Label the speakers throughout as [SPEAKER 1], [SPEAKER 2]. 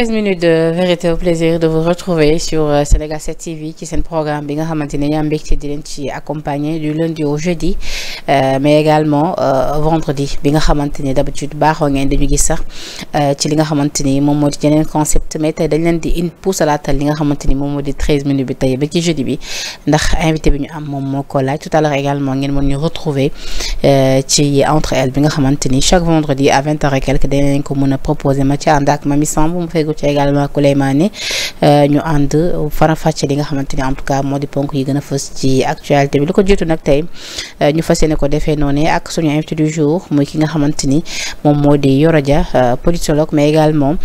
[SPEAKER 1] 13 minutes de vérité au plaisir de vous retrouver sur euh, Sénégal TV ci seen programme bi nga xamante ne yaa mbégte di leen ci accompagner du lundi au jeudi euh, mais également euh, vendredi bi nga xamante ni d'habitude baaxoo ngeen dañu gis sax ci li nga xamante ni moom moo di yeneen concept di une pousse à la telle li nga xamante ni moom moo di 13 minutes bi tey ba ci jeudi bi ndax invité bi ñu am moom moo ko laaj tout à l'heure également ngeen mën ñu retrouver ci entre elles bi nga xamante ni chaque vendredi à 20 dañ leen ko mën a proposer ma ci ànd ak Mami tegu ci également Souleymane euh, ñu ànd faram-fàcce li nga xamante en tout cas moo di ponk yi gën a fës ci actualité bi lu ko jiitu nag tey euh, ñu fas yéene ko defee noonu ak suñu invité du jour muy ki nga xamante ni moom moo di Yoro Dia euh, politologue mais également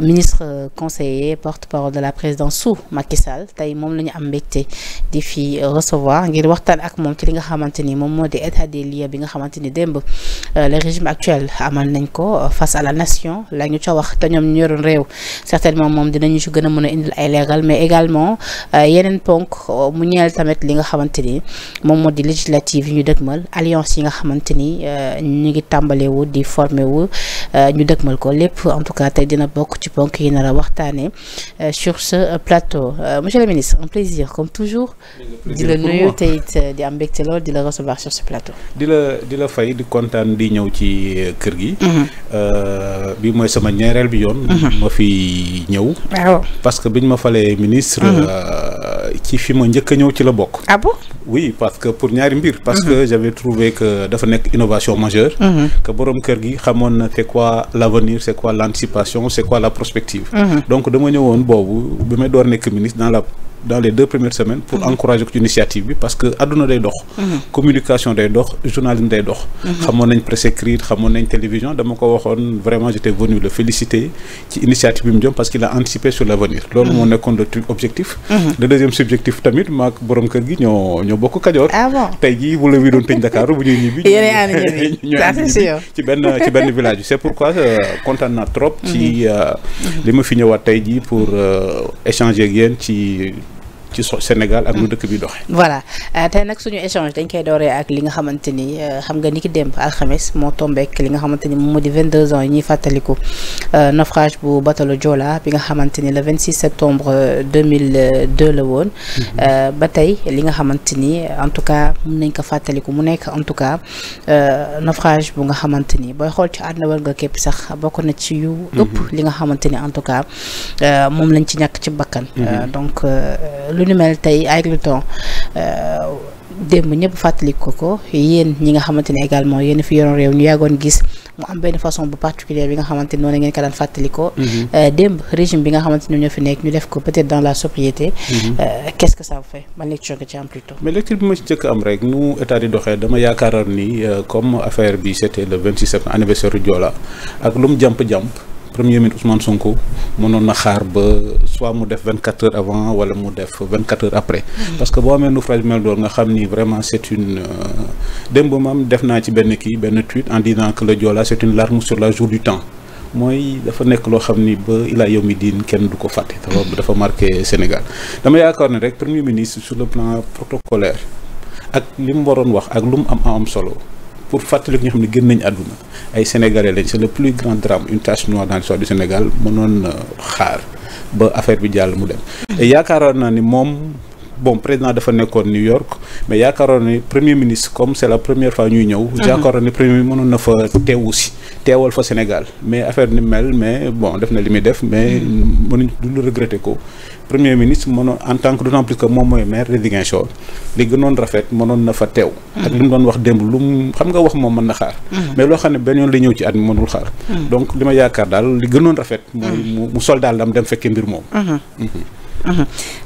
[SPEAKER 1] ministre conseiller porte-parole de la présidence sous Macky Sall tey moom la ñu am mbégte di fi recevoir ngir waxtaan ak moom ci li nga xamante ni moom moo di état des lieux bi nga xamante ni démb le régime actuel amal nañ ko face à la nation la ca wax te ñoom ñoroon réew réew certainement moom dinañu ci gën a mën a indil ay leeral mais également euh, yeneen ponk mu ñeel tamit li nga xamante ni moom moo di législative yi ñu dëgmal alliance yi nga xamante ni euh, ñu ngi tàmbalewu di formé wu euh, ñu dëgmal ko lépp en tout cas tey dina bokk ci ponk yi na a waxtaane sur ce plateau monsieur le ministre un plaisir comme toujours di la nuyu te it di am mbégte lool di la recevoir sur
[SPEAKER 2] di di la fay di kontaan di ñëw ci kër gi mm-hmm. bi mooy sama ñaareel bi yoon mm-hmm. ma fi ñëw. Ah parce que biñ ma falee ministre. Mhm. Euh, ci fi ma njëkk ñëw ci la bokk. ah bon oui parce que pour ñaari mbir. parce mhm. que j'avais trouvé que dafa nekk innovation majeure. Mhm. que borom kër gi xamoon na c'est quoi l'avenir c'est quoi l'anticipation c'est quoi la prospective. donc dama ñëwoon boobu bi may door nekk ministre dans la. dans les deux premières semaines pour mhm. encourager ko ci initiative bi parce que àdduna day dox mhm. communication day dox journalisme day dox mhm. xamoon nañ presse écrite xamoon nañ télévision dama ko waxoon vraiment j'étais venu le féliciter ci initiative bi mu jëm parce qu'il a anticipé sur l'avenir loolu moo nekkoon le truc objectif le deuxième subjectif tamit maak borom kër gi ñoo ñoo bokk Kajoor ah tey jii bu la wii doon tëj Dakar bu ñuy ñibbi benn ci benn village bi c'est pourquoi euh, kontaan naa trop euh, li ma fi ñëwaat tey jii pour euh, échanger yéen ci ci Sénégal ak lu dëkk bi doxee.
[SPEAKER 1] voilà euh, tey nag suñu échange dañ koy dooree ak li nga xamante ni euh, xam nga ni ki démb alxemes moo tombeek li nga xamante ni moom moo di 22 ans yi ñuy fàttaliku euh, naufrage bu batalo Joola bi nga xamante ni le 26 septembre 2002 la woon. Mhm. ba tey li nga xamante ni en tout cas mun nañ ko fàttaliku mu nekk en tout cas naufrage bu nga xamante ni booy xool ci àdduna war nga képp sax bokk na ci yu. Mhm. li nga xamante ni en tout cas moom lañ ci ñàkk ci bakkan. Mhm. donc lu ni mel tey avec le temps euh, démb ñëpp fàttali ko ko yéen ñi nga xamante ne également yéen fi yoroon réew ñu yàggoon gis mu am benn façon bu particulière bi nga xamante ne noonu ngeen ko daan fàttali ko. Mm-hmm. Euh, démb régime bi nga xamante ne ñoo fi nekk ñu def ko peut-être dans la sobriété. Mm-hmm. Euh, qu'est-ce que ça vous fait man lecture nga ci am plutôt.
[SPEAKER 2] mais lecture bi ma ci njëkk am rek nu état di doxee dama yaakaaroon ni comme affaire bi c'était le 26 septembre anniversaire Joola ak lu mu jàmp jàmp. premier ministre Ousmane Sonko mënoon na xaar ba soit mu def vingt quatre heures avant wala mu def vingt quatre heures après. Hmm. parce que boo amee naufrage mel doon nga xam ni vraiment c' une euh, démb maam def naa ci benn kii benn tweet en disant que le Joola c' une larme sur la joue du temps. mooy dafa nekk loo xam ni ba ilaa yow mi diin kenn du ko fàtte dafa dafa marqué Sénégal dama yaakaar ne rek premier ministre sur le plan protocolaire ak li mu waroon wax ak lu mu am am pour fàttali ñoo xam ne génn nañ àdduna ay sénégalais lañ c'est le plus grand drame une tache noire dans l'histoire du Sénégal mënoon xaar ba affaire bi jàll mu dem. et yaakaaroon naa ni moom bon président dafa nekkoon New York mais yaakaaroon ni premier ministre comme c'est la première fois ñuy ñëw. yaakaaroon mhm. ni premier ministre mënoon na fa teewu si teewal fa Sénégal mais affaire ni mel mais bon def na li muy def mais mhm. mënuñ du regretter ko. premier ministre mënoon en tant que d'autant plus que moom mooy maire de li gënoon rafet mënoon na fa teew. ak li mu doon wax démb lu xam nga wax moom mën na xaar. Mhm. mais loo xam ne benn yoon ñëw ci at mi xaar. Mhm. donc li yaakaar daal li gënoon rafet. Mhm. mu mu soldaal dam dem fekkee mbir moom.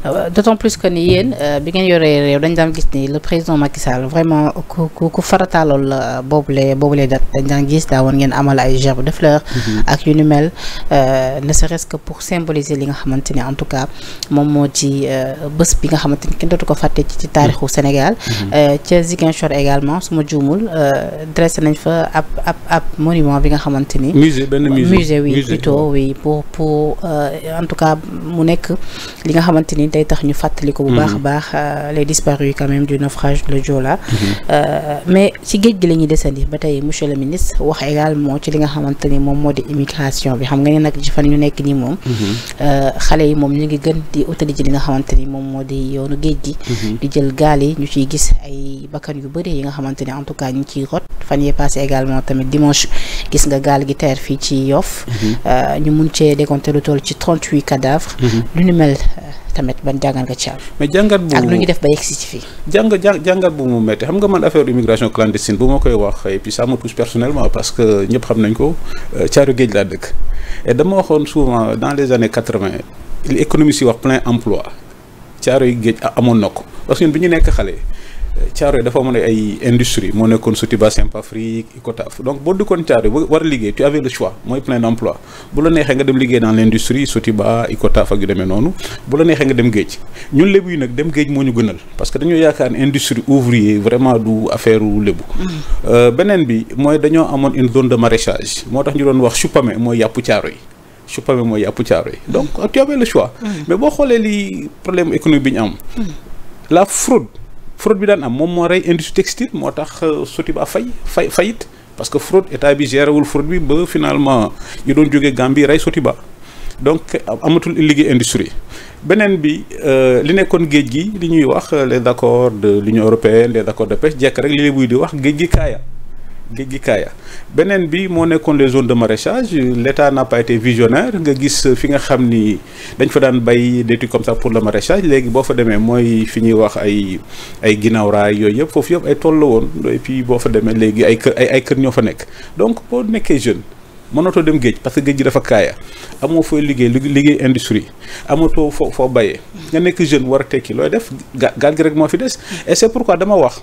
[SPEAKER 1] Euh, d'autant plus que ni yéen euh, bi ngeen yoree réew dañ daan gis ni le président Macky Sall vraiment ku ku farataalool euh, boobule boobule date dañ daan gis daa woon ngeen amal ay gerbe de fleur mhm. ak yu ni mel ne serait-ce pour symboliser li nga xamante ni en tout cas moom moo ci bës bi nga xamante ni kenn dootu ko fàtte ci ci taarixu mhm. Sénégal mhm. ca Ziguinchor également su ma juumul dressé nañ fa ab ab monument bi nga xamante ni musée benn musée musée oui plutôt pour pour en tout cas mu nekk li nga xamante ni day tax ñu fàttali ko bu baax a mm-hmm. baax euh, les disparus quand même du naufrage de Joola mm-hmm. euh, mais ci géej gi la ñuy desandi ba tey monsieur le ministre wax également ci li nga xamante ni moom moo di immigration bi xam nga ne nag ci fan ñu nekk nii moom mm-hmm. euh, xale yi moom li ngi gën di utali li nga xamante ni moom moo di yoonu géej gi di jël gaal yi ñu ci gis ay bakkan yu bëri yi nga xamante ni en tout cas ñu ngi ciy rot fan yee passé également tamit dimanche gis nga gaal gi teer fii ci Yoff ñu mun cee décompté lu toll ci 38 cadavres lu ni Eh, tamit ban jàngat nga ci am. mais jàngat bu ak ñu def ba yegg si
[SPEAKER 2] jàngat bu mu métti xam nga man affaire immigration clandestine bu ma koy wax et puis ça me touche personnellement parce que ñëpp xam nañ ko caaru euh, géej laa dëkk dama waxoon souvent dans les années quatre vingt l'économie si wax plein emploi caaru géej amoon na ko parce bi ñu nekk xale. Thiaroye dafa amoon ay industrie moo nekkoon Sotiba Simpafric Icotaf donc boo dëkkoon Thiaroye ba war a liggéey tu avais le choix mooy plein d'emploi bu la neexee nga dem liggéey dans l'industrie Sotiba Icotaf ak yu demee noonu bu la neexee nga dem géej ñun lébu yi nag dem géej moo ñu gënal parce que dañoo yaakaar industrie ouvrier vraiment du affaire u lébu euh, beneen bi mooy dañoo amoon une de maraîchage moo tax ñu doon wax chupame mooy yàpp fraude bi daan am moom moo rey industrie textile moo tax euh, Sotiba fay fay fayit parce que fraude état bi géré wul fraude bi ba finalement ñu doon jógee Gambie rey Sotiba donc amatul liggéey industrie beneen bi euh, li nekkoon géej gi li ñuy wax euh, les accords de l'Union européenne les accords de pêche jekk rek li lay buy di wax géej gi kaaya. gi gi kaaya beneen bi moo nekkoon les zones de maraîchage l' état n'a visionnaire nga gis fi nga xam ni dañ fa daan bay des trucs comme sax pour le maraîchage léegi boo fa demee mooy fi ñuy wax ay ay ginnaaw raay yooyu yëpp foofu yëpp ay tool la woon et boo fa demee léegi ay kër ay ñoo fa nekk donc boo nekkee jeune mënatoo dem géej parce que géej gi dafa kaaya amoo fooy liggéey liggéey industrie amatoo foo foo bayee nga nekk jeune war a tekki looy def gaal gi moo fi des et c' est dama wax.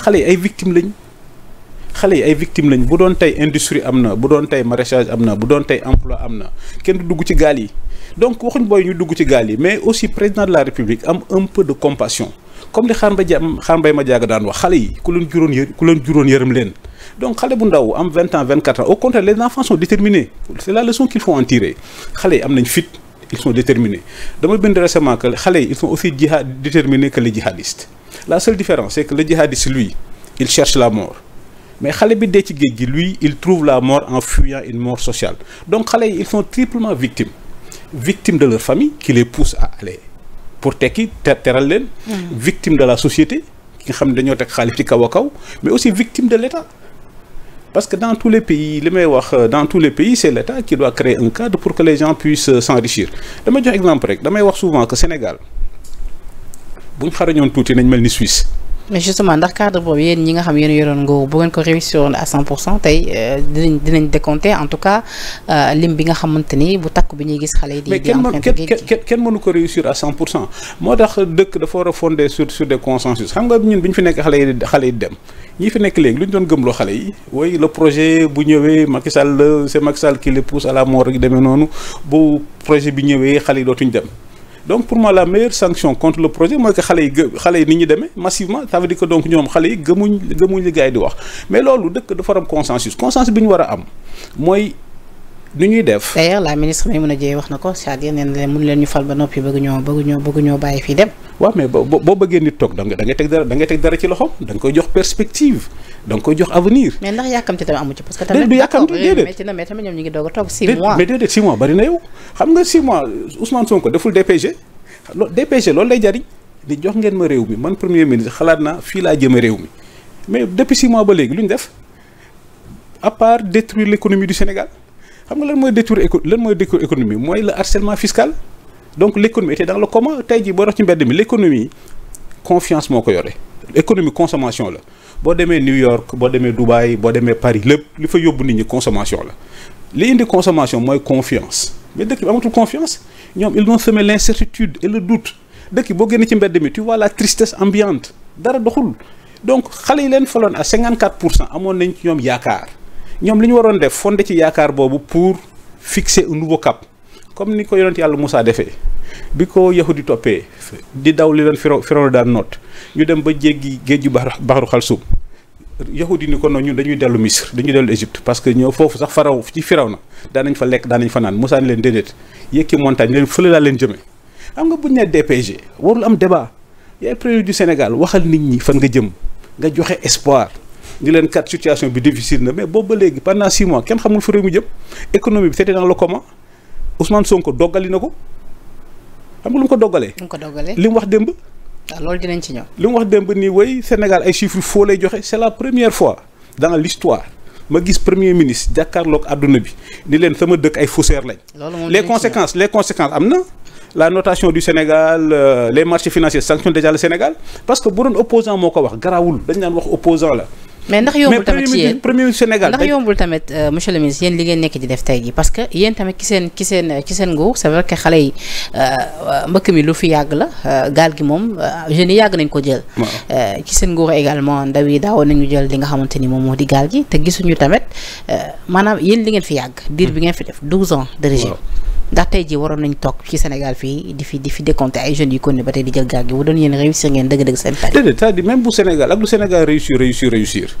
[SPEAKER 2] xale yi ay victimes lañ xale yi ay victimes lañ bu doon tey industrie am na bu doon tey maraîchage am na bu doon tey emploi am na kenn du dugg ci gaal yi donc waxuñ booy ñu dugg ci gaal yi mais aussi président de la république am un peu de compassion comme li xaar mba jam xaar mbay ma jaaga daan wax xale yi ku leen juróon yë ku leen yërëm leen donc xale bu ndaw am vingt ans vingt quatre ans au contraire les enfants sont déterminés leçon qu'il faut en xale yi am nañ fit ils sont déterminés dama bind récemment que xale yi ils sont aussi jihad déterminés que les jihadistes la seule différence c'est que le jihadiste lui il cherche la mort mais xale bi dee ci géej gi lui il trouve la mort en fuyant une mort sociale donc xale yi ils sont triplement victimes victimes de leur famille qui les pousse à aller pour tekki teral leen mm. victime de la société ki nga xam ne dañoo teg xaalis ci kaw a kaw mais aussi victime de l'État Parce que dans tous les pays, les meilleurs, dans tous les pays, c'est l'État qui doit créer un cadre pour que les gens puissent euh, s'enrichir. Je vais vous donner un exemple. Je vais souvent que le Sénégal, si on a un Suisse,
[SPEAKER 1] mais justement ndax cadre boobu yéen ñi nga xam yéen yoroon nguur bu ngeen ko réussir à euh, euh, bi nga xamante ni bu takk bi ñuy gis xale gi mais kenn
[SPEAKER 2] kenn mënu ko réussir à 100 pour cent moo tax dëkk dafa war a fondé sur des consensus xam nga ñun bi ñu fi nekk xale yi xale yi dem ñi fi nekk léegi lu ñu doon gëmloo xale yi oui le projet bu ñëwee Macky Sall c'est Macky Sall qui les pousse à la mort rek demee noonu bu projet bi ñëwee xale yi dootuñ dem. donc pour moi la meilleure sanction contre le projet mooy que xale yi gë xale yi ni ñu demee massivement ça veut dire que donc ñoom xale yi gëmuñ gëmuñ li di wax mais loolu dëkk dafa am consensus consensus bi ñu war a am mooy.
[SPEAKER 1] nu ñuy def. d'ailleurs la ministre Maimouna Dièye wax na ko c'est-à-dire nee na leen mënu leen ñu fal ba noppi bëgg ñoo bëgg ñoo bëgg ñoo bàyyi fii dem.
[SPEAKER 2] waaw mais boo boo bëggee nit toog da nga da nga teg dara da nga teg dara ci loxoom da nga koy jox perspective da nga koy jox avenir.
[SPEAKER 1] mais ndax yàkkamti tamit amu ci
[SPEAKER 2] parce que. tamit du yàkkamti déedéet métti
[SPEAKER 1] na mais tamit ñoom ñu ngi doog a toog 6 mois. mais
[SPEAKER 2] déedéet 6 mois bari na yow xam nga 6 mois Ousmane Sonko deful DPG lo DPG loolu lay jariñ di jox ngeen ma réew mi man premier ministre xalaat naa fii laa jëme réew mi mais depuis 6 mois ba léegi lu ñu def à part détruire l'économie du Sénégal xam nga lan mooy détour éco lan mooy détour économie mooy le harcèlement fiscal donc l' économie était dans le coma tey jii boo dox ci mbedd mi l' confiance moo ko yore économie consommation la boo demee New York boo demee Dubaï boo demee Paris lépp li fa yóbbu nit ñi consommation la li indi consommation mooy confiance mais dëkk bi amatul confiance ñoom ils ont semé l' incertitude et le doute dëkk boo génnee ci mbedd mi tu vois la tristesse ambiante dara doxul donc xale yi leen faloon à 54 pour cent amoon nañ ci ñoom ñoom li ñu waroon def fonde ci yaakaar boobu pour fixer un nouveau cap comme ni ko yonent yàlla musaa defee bi ko yahudi toppee di daw li leen firo firoon daan noot ñu dem ba jéggi géej ju baxaru xalsum yahudi ni ko noonu ñun dañuy dellu Misr dañuy dellu Égypte parce que ñoo foofu sax faraw ci firaw na daanañ fa lekk daanañ fa naan Moussa ni leen déedéet yëkki montagne leen fële laa leen jëme xam nga buñ ne DPG warul am débat yaay président du Sénégal waxal nit ñi fan nga jëm nga joxe espoir di leen kat situation bi difficile na mais boobu ba léegi pendant six mois kenn xamul fu réew mi jëm économie bi c'était dans le coma Ousmane Sonko doggali na ko xam nga lu mu ko doggalee. lu mu ko doggalee li mu wax démb.
[SPEAKER 1] waaw ah, loolu ci ñëw.
[SPEAKER 2] li mu wax démb ni way Sénégal ay chiffres foo lay joxe c'est la première fois dans l'histoire ma gis premier ministre jàkkaarloog àdduna bi ni leen sama dëkk ay faussaires lañ. les conséquence les conséquences am na. la notation du Sénégal euh, les marchés financiers sanctionnent déjà le Sénégal parce que bu doon opposant moo ko wax garawul dañ naan wax opposant la
[SPEAKER 1] mais ndax yombul tamit ci yéen
[SPEAKER 2] premier Sénégal ndax
[SPEAKER 1] tamit euh, monsieur le ministre yéen li ngeen nekk di def tey ji parce que yéen tamit ki seen ki seen ci seen nguur c'est vrai que xale yi euh, euh, mbëkk mi lu fi yàgg la gaal gi moom jeunes yàgg nañ ko jël ci seen nguur également ndaw yi daawoon nañu jël li nga xamante ni moom moo di gaal gi te gisuñu tamit maanaam yéen li ngeen fi yàgg diir bi ngeen fi def douze ans de régime ndax tey jii waroon nañ toog ci Sénégal fii di fi di fi décompté ay jeunes yu ko ba tey di jël gaal gi bu doon yéen réussir ngeen dëgg-dëgg seen pari.
[SPEAKER 2] déedéet bu Sénégal ak lu Sénégal réussir réussir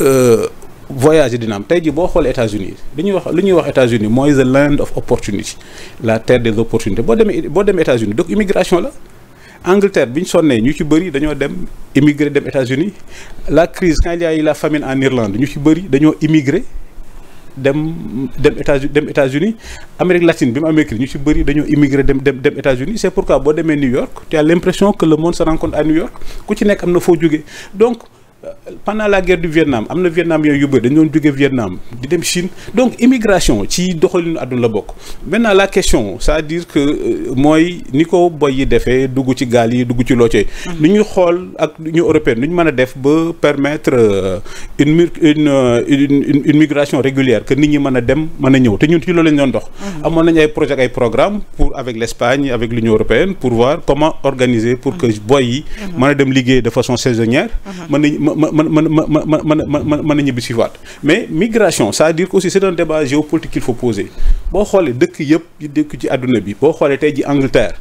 [SPEAKER 2] euh, voyage dina am tey jii boo xoolee États-Unis li ñuy wax li ñuy wax États-Unis mooy the land of opportunity la terre des opportunités boo demee boo demee États-Unis donc immigration la. Angleterre bi ñu sonnee ñu ci bëri dañoo dem immigré dem États-Unis la crise quand la famine en Irlande ñu ci bëri dañoo immigré. dem dem États-Unis dem États-Unis Amérique latine bi mu amee crise ñu ci bëri dañoo immigré dem dem dem États-Unis c'est pourquoi boo demee New York tu as l'impression que le monde se rencontre à New York ku ci nekk am na foo jógee donc pendant la guerre du Vietnam am na Vietnam yooyu yu bëri dañu doon jóge Vietnam di dem Chine donc immigration ci doxalinu àdduna la bokk maintenant la question c'est-à-dire que euh, mooy ni ko boy yi defee dugg ci gaal yi dugg ci loocoy mm. nu ñu xool ak union européenne nu ñu mën a def ba permettre euh, euh, une une une migration régulière que nit ñi mën a dem mën a ñëw te ñun ci loolu lañ doon dox mm. amoon nañu ay projet ay programme pour avec l'Espagne avec l'union européenne pour voir comment organiser pour mm. que boy yi mm-hmm. mën a dem liggéey de façon saisonnière mm-hmm. mën man mën mën mën mën mën mën a ñibbi si waat mais migration c'est-à-dire que aussi c'est un débat géopolitique qu'il faut poser boo xoolee dëkk yëpp yi dëkk ci àdduna bi boo xoolee tey ji Angleterre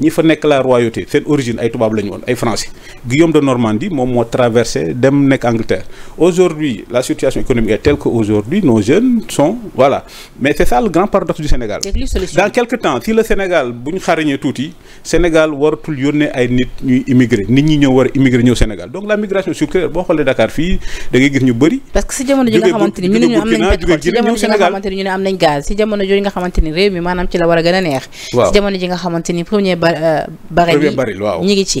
[SPEAKER 2] ñi fa nekk la royauté seen origine ay tubaab la woon ay français Guillaume de Normandie moom moo traversé dem nekk Angleterre aujourd'hui la situation économique est telle que aujourd'hui nos jeunes sont voilà mais c'est ça le grand paradoxe du Sénégal
[SPEAKER 3] dans
[SPEAKER 2] quelque temps si le Sénégal bu xarañee tuuti Sénégal waratul yónnee ay nit ñuy immigré nit ñi ñëw war immigré ñëw Sénégal donc la migration circulaire boo xoolee Dakar fii da gis ñu bëri
[SPEAKER 1] parce que Euh, baril baril waaw ñi ngi ci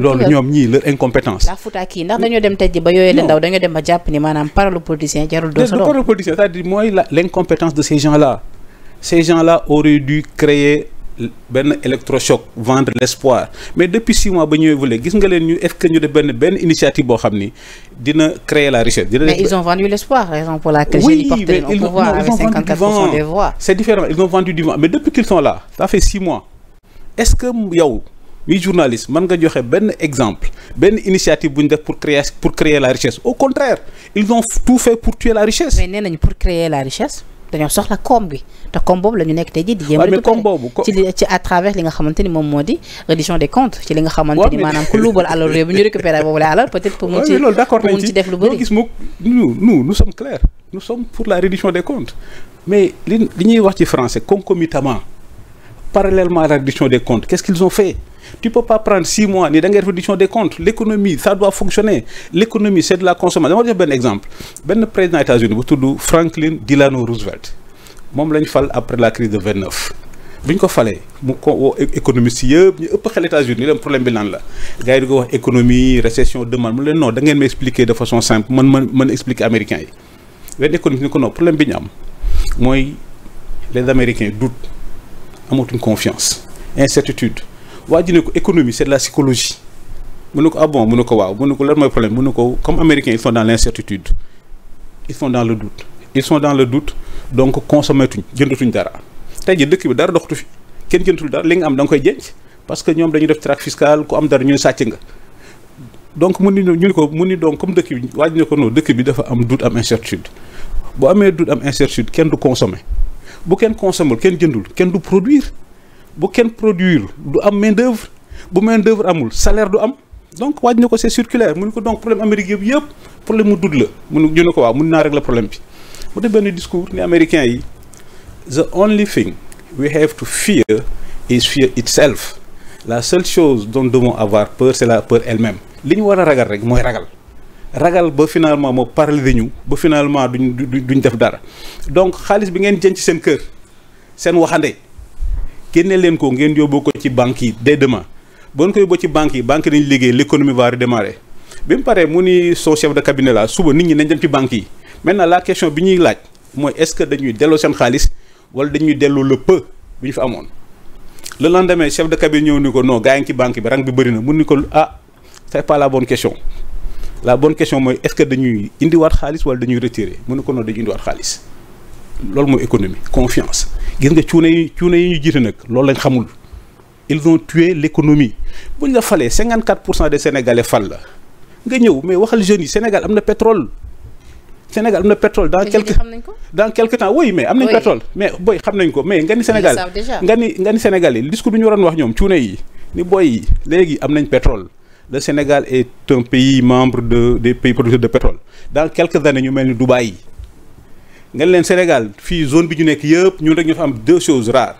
[SPEAKER 1] loolu ñoom
[SPEAKER 2] ñii leur incompétence
[SPEAKER 1] la futaa kii ndax dañoo dem tey ji ba yooyee leen daw dañoo dem ba jàpp ni maanaam parole politicien jarul doo sa doom
[SPEAKER 2] parole politicien c'est-à-dire mooy l'incompétence de ces gens là ces gens là auraient dû créer benn électrochoc vendre l'espoir mais depuis six mois ba ñëwee vule gis nga leen ñu est-ce ñu def benn benn initiative boo xam ni dina créer la richesse. dina mais ils
[SPEAKER 1] ont vendu l'espoir raison pour laquelle. oui mais ils
[SPEAKER 2] c'est différent ils ont vendu du vent mais depuis qu'ils sont là ça fait six mois est-ce que yow mi journaliste mën nga joxe benn exemple benn initiative bu ñu def pour créer pour créer la richesse au contraire
[SPEAKER 1] ils ont tout fait pour tuer la richesse. nee nañu pour créer la richesse. dañoo soxla koom bi te koom boobu la ñu nekk tey jii di jéem a koom boobu ci ci à travers li nga xamante moom moo di reddition des comptes ci li nga xamante maanaam ku luubal alal réew bi boobu la alal peut-être pour mun ci def lu bëri gis mu
[SPEAKER 2] nous nous nous sommes pour la reddition des comptes mais li li ñuy wax ci français concomitamment parallèlement à la reddition des comptes qu'est-ce qu'ils ont fait tu peux pas six mois ni da ngay def réduction des comptes l'économie ça doit fonctionner l'économie c'est de la consommation dama jox benn exemple benn président États-Unis bu tudd Franklin Delano Roosevelt moom lañ fal après la crise de 29 bi ñu ko falee mu ko woo économiste yëpp ñu ëpp xel États-Unis leen problème bi lan la gars di ko wax économie récession demande mu leen non da ngeen ma expliquer de façon simple man man mën expliquer américains yi wenn économiste mooy les américains doutent amatuñ confiance waa ji ne ko économie c'est la psychologie mu ne ko ah bon mu ne ko waaw mu ne ko lan mooy problème mu ne ko comme américains ils sont dans l'incertitude ils sont dans le doute il sont dans le doute donc consommé tuñ jëndatuñ dara tey ji dëkk bi dara doxatu fi kenn jëndatul dara li nga am da koy jënc parce que ñoom dañuy def traque fiscale ku am dara ñu sàcc nga donc mu ni ko mu ni donc comme dëkk bi waaj ne ko non dëkk bi dafa am doute am incertitude boo amee doute am incertitude kenn du consommer bu kenn consommé kenn jëndul kenn du produire bu kenn produire du am main d'œuvre bu main d'œuvre amul salaire du am donc waaj na ko c'est circulaire mu ne ko donc problème Amérique yëpp yëpp problème mu dund la mu ñu ne ko waaw mun naa régler problème bi mu def benn discours ni américain yi the only thing we have to fear is fear itself la seule chose dont devons avoir peur c'est la peur elle-même li ñu war a ragal rek mooy ragal ragal ba finalement moo paralysé ñu ba finalement du du duñ def dara donc xaalis bi ngeen jën ci seen kër seen waxande génne leen ko ngeen yóbbu ko ci banque yi dès demain bon ko yóbbu ci banque yi banque dañu liggéey l'économie va redémarrer bi mu paree mu ni son chef de cabinet la suba nit ñi nañ dem ci banque yi maintenant la question bi ñuy laaj mooy est-ce que dañuy delloo seen xaalis wala dañuy delloo le peu bi ñu fa amoon la lendemain chef de cabinet ñëw ni ko non gaa yi ci banque bi rang bi bëri na mun ni ko ah c'est pas la bonne question la bonne question mooy est-ce que dañuy indiwaat xaalis wala dañuy retirer mun ni ko non dañuy loolu mooy économie confiance gis nga cuune yi cuune yi ñu jiite nag loolu lañ xamul ils ont tué l' économie bu ñu la falee 54 pour cent des sénégalais fal la nga ñëw mais waxal jeune yi Sénégal am na pétrole Sénégal am na pétrole dans quelque dans quelque temps oui mais am nañ pétrole mais boy xam nañ ko mais nga ni Sénégal nga ni nga ni Sénégal yi discours bi ñu waroon wax ñoom cuune yi ni boy yi léegi am nañ pétrole le Sénégal et un pays membre de des pays producteurs de pétrole dans quelques années ñu mel ni Dubaï. ngeen leen Sénégal fii zone bi ñu nekk yëpp ñun rek ñu fa am deux choses rares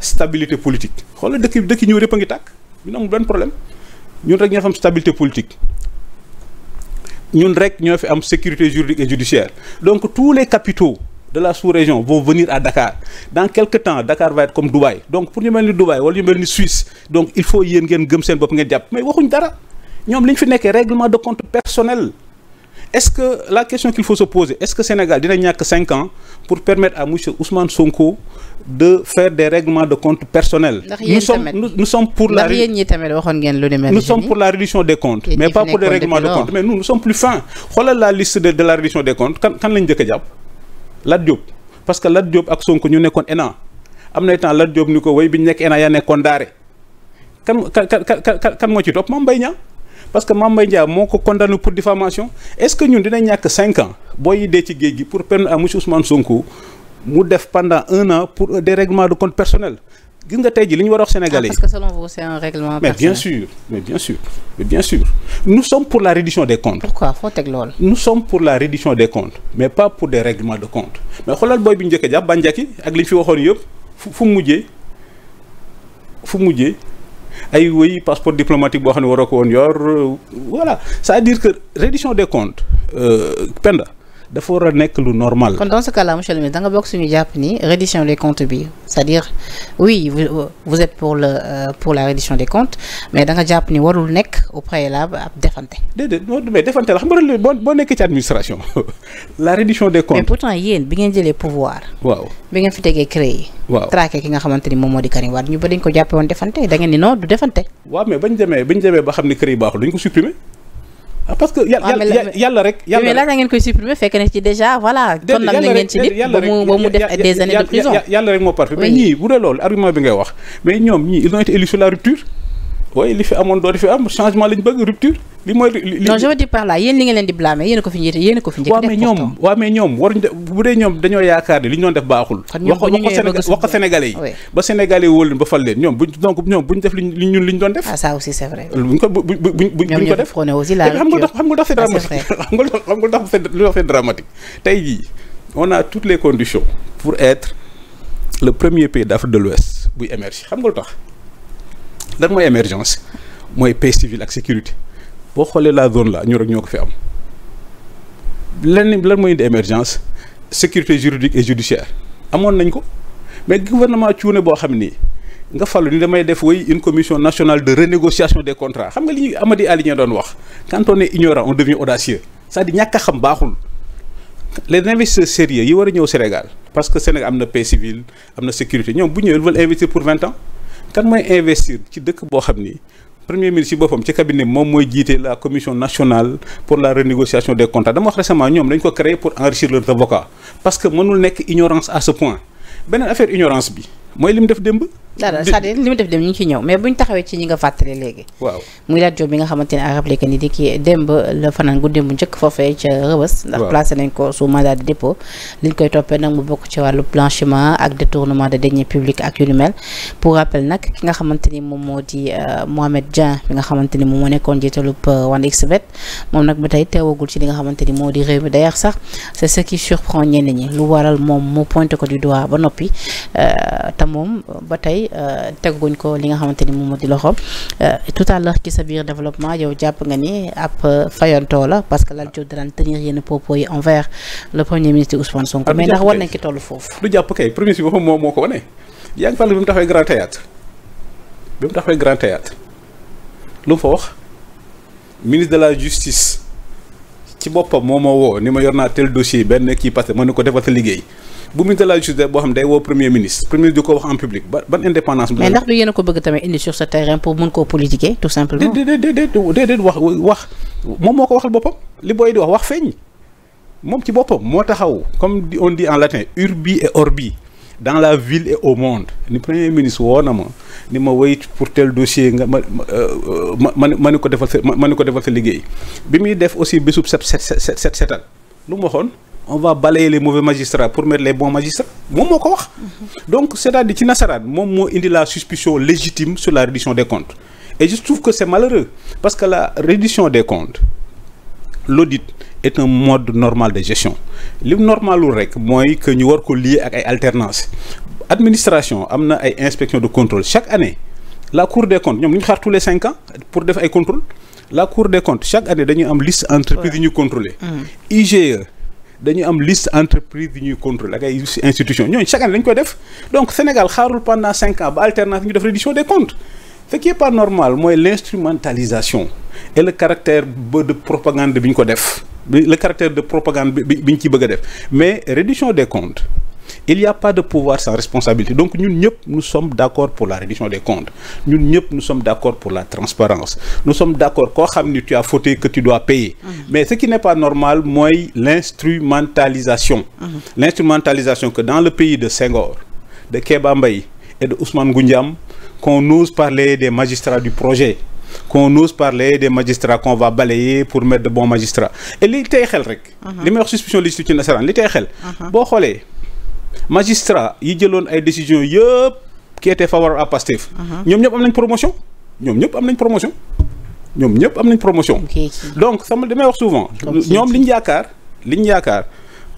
[SPEAKER 2] stabilité politique xoolal dëkk bi dëkk ñëw rëpp a ngi tàkk ñun amul benn problème ñun rek ñoo fa am stabilité politique ñun rek ñoo fi am sécurité juridique et judiciaire donc tous les capitaux de la sous-région vont venir à Dakar dans quelque temps Dakar va être comme Dubaï donc pour ñu mel ni Dubaï wala ñu mel ni Suisse donc il faut yéen ngeen gëm seen bopp ngeen jàpp mais waxuñ dara ñoom li ñu fi nekkee règlement de compte personnel est-ce que la question qu'il faut se poser est-ce que Sénégal dina ñàkk cinq ans pour permettre à monsieur Ousmane Sonko de faire des règlements de compte personnels. nous
[SPEAKER 1] sommes pour la. ndax yéen ñi tamit waxoon ngeen lu demee. nous sommes
[SPEAKER 2] pour la reddition des comptes. mais pas pour des règlements de compte mais nous nous sommes plus fins. xoolal la liste de la reddition des comptes kan kan lañ njëkk jàpp Lat Diop parce que Lat Diop ak Sonko ñu nekkoon nan am na temps Lat Diop ni ko way bi ñu nekk ENA yaa nekkoon Daare kan moo ci topp Mame Mbaye Niang parce que Mame Mbaye moo ko condamné pour diffamation est-ce que ñun dina ñàkk cinq ans boo yi dee ci géej gi pour permettre à monsieur Ousmane Sonko mu def pendant un an pour un euh, dérèglement de compte personnel gis nga tey ji li ñu war a wax sénégalais ah, yi. parce
[SPEAKER 1] que selon vous c'est un mais bien sûr
[SPEAKER 2] mais bien sûr nous sommes pour la reddition des comptes. pourquoi foo teg loolu. nous sommes pour la reddition des comptes mais pas pour des règlements de compte mais xoolal booy bi njëkk a jàpp Bandiaky ak li ñu fi waxoon fu fu mujjee fu ay woy passeport diplomatique boo xam ne waroo ko woon yor voilà c'est-à-dire que reddition des comptes euh, Penda dafa war a nekk lu normal. kon
[SPEAKER 1] dans ce cas là monsieur le ministre da nga bokk suñu jàpp ni reddition des comptes bi cest dire oui vous vous êtes euh, pour la reddition des comptes mais da jàpp ni warul nekk au préalable ab defante.
[SPEAKER 2] déedéet mais defante la xam nga boo boo nekkee ci administration la reddition des comptes. mais
[SPEAKER 1] pourtant bi ngeen jëlee pouvoir. waaw bi ngeen fi tegee créé. waaw traqué ki nga xamante ni moom moo di Karim Wade ñu ba dañ ko jàppee woon defante da ngeen Ah, parce que yàlla ah, yàlla rek. yàlla mais laata yàlla rek yàlla rek
[SPEAKER 2] yàlla rek moo parfait mais ñii bu dee argument bi ngay wax mais ñoom ñii ils ont été élus sur la rupture. oui li fi amoon dootu fi am changement lañ bëgg rupture li mooy. li non je veux
[SPEAKER 1] dire par là li ngeen leen di blâmer yéen a ko fi njëkk yéen a ko fi njëkk. def
[SPEAKER 2] waaw ñoom waaw mais bu dee ñoom dañoo yaakaar ne li ñu doon def baaxul. wax ko Sénégalais yi. ba Sénégalais yi wóolu leen ba fal leen ñoom buñ donc ñoom buñ def li ñu doon def. ah
[SPEAKER 1] ça ko def ñoo xam nga dafa xam
[SPEAKER 2] nga dafa dramatique tey jii on a toutes les conditions pour être le premier pays d'Afrique de l'Ouest buy émerger xam nga lu lan mooy émergence mooy paix civile ak sécurité boo xoolee la zone la ñu rek ñoo ko fi am lenn lan mooy indi émergence sécurité juridique et judiciaire amoon nañ ko mais gouvernement cuune boo xam ni nga fàllu ni damay def woy une commission nationale de renégociation des contrat xam nga li ñuy Amady Aliou doon wax quand on est ignorant on devient audacieux cest à ñàkk xam baaxul les investisseurs sérieux yi war a ñëw Sénégal parce que Sénégal am na paix civile na sécurité ñoom bu ñëwee ils veulent pour vingt ans. kan mooy investir ci dëkk boo xam ni premier ministre ci boppam ci cabinet moom mooy jiite la commission nationale pour la renégociation des contrats dama wax récemment ñoom dañ ko créer pour enrichir leurs avocats parce que mënul nekk ignorance à ce point beneen affaire ignorance bi
[SPEAKER 1] mooy li mu def démb. dara c'est-à-dire li mu def dem ñu ngi ñëw mais bu ñu taxawee ci ñi nga fàttali léegi waaw muy laaj job bi nga xamante ne a rappelé ni di kii démb la fanaan guddeem bu njëkk foofee ca rëbës ndax placé nañ ko sous mandat de dépôt li koy toppee nag mu bokk ci wàllu blanchiment ak détournement de deniers publics ak yu ni mel pour rappel nag ki nga xamante ni moom moo di euh, Mohamed Dieng bi nga xamante ni moom moo nekkoon jiitalub 1xBet euh, moom nag ba tey teewagul ci li nga xamante ni moo di réew mi d'ailleurs sax c'est ce qui surprend ñi lu waral moom mu pointé ko du doigt ba noppi euh, te moom ba tey tey euh, teguñ ko li nga xamante ni moom moo di loxo euh, tout à l'heure ci sa biir développement yow jàpp nga ni ab euh, fayantoo la parce que Lat Diop daan tenir yenn propos yi envers le premier ministre Ousmane Sonko. Ah, mais ndax war nañ ki toll foofu.
[SPEAKER 2] du jàpp kay premier ministre boppam moo moo ko wane yaa ngi fa wax ministre de la justice ci boppam moo ma woo ni ma yor naa tel dossier benn kii parce que ma ne ko defal sa liggéey. bu ministre de la justice boo xam day woo premier ministre premier ministre di ko wax en public ba ban indépendance. mais ndax
[SPEAKER 1] du yéen a ko bëgg tamit indi sur ce terrain pour mën koo politiquer tout simplement.
[SPEAKER 2] déedéet déedéet wax wax moom moo ko waxal boppam li booy di wax wax feeñ moom ci boppam moo taxaw comme on dit en latin urbi et orbi. dans la ville et au monde ni premier ministre woo na ma ni ma wéy pour tel dossier nga euh, ma ma ma ni ko defal sa ma ni ko defal sa liggéey bi muy def aussi bésub set set set setal lu mu waxoon. on va balayer les mauvais magistrats pour mettre les bons magistrats moom moo ko wax donc c'est-à-dire ci nasaraan moom moo indi la suspicion légitime sur la reddition des comptes et je trouve que c'est malheureux parce que la reddition des comptes l'audit est un mode normal de gestion li normalul rek mooy que ñu war ko lier ak ay alternance administration am na ay inspection de contrôle chaque année la cour des comptes ñoom lu ñu xaar tous les cinq pour ay contrôle la cour des comptes chaque dañuy am liste entreprise yu ñu contrôler mm. dañuy am liste entreprise yu ñuy contrôler ak ay institution ñooñu chaque année dañ koy def donc Sénégal xaarul pendant cinq ans ba alternance ñu def reddition des comptes ce qui est normal mooy l'instrumentalisation et le caractère de propagande bi ñu ko def le caractère de propagande bi bi ñu ciy bëgg a def mais reddition des comptes il y a pas de pouvoir sans responsabilité donc ñun ñëpp nous sommes d'accord pour la reddition des comptes ñun ñëpp nous sommes d'accord pour la transparence nous sommes d'accord koo xam ni tu as fauté que tu dois payer mmh. mais ce qui n'est pas normal mooy l'instrumentalisation mmh. l'instrumentalisation que dans le pays de Senghor de Kéba Mbaye et de Ousmane Goundiam qu'on ose parler des magistrats du projet qu'on ose parler des magistrats qu'on va balayer pour mettre magistrat yi jëloon ay décision yëpp qui était favorable à Pastef uh-huh. ñoom ñëpp am nañ promotion ñoom ñëpp am nañ promotion ñoom ñëpp am nañ promotion donc sama damay wax souvent ñoom li ñu yaakaar li ñu yaakaar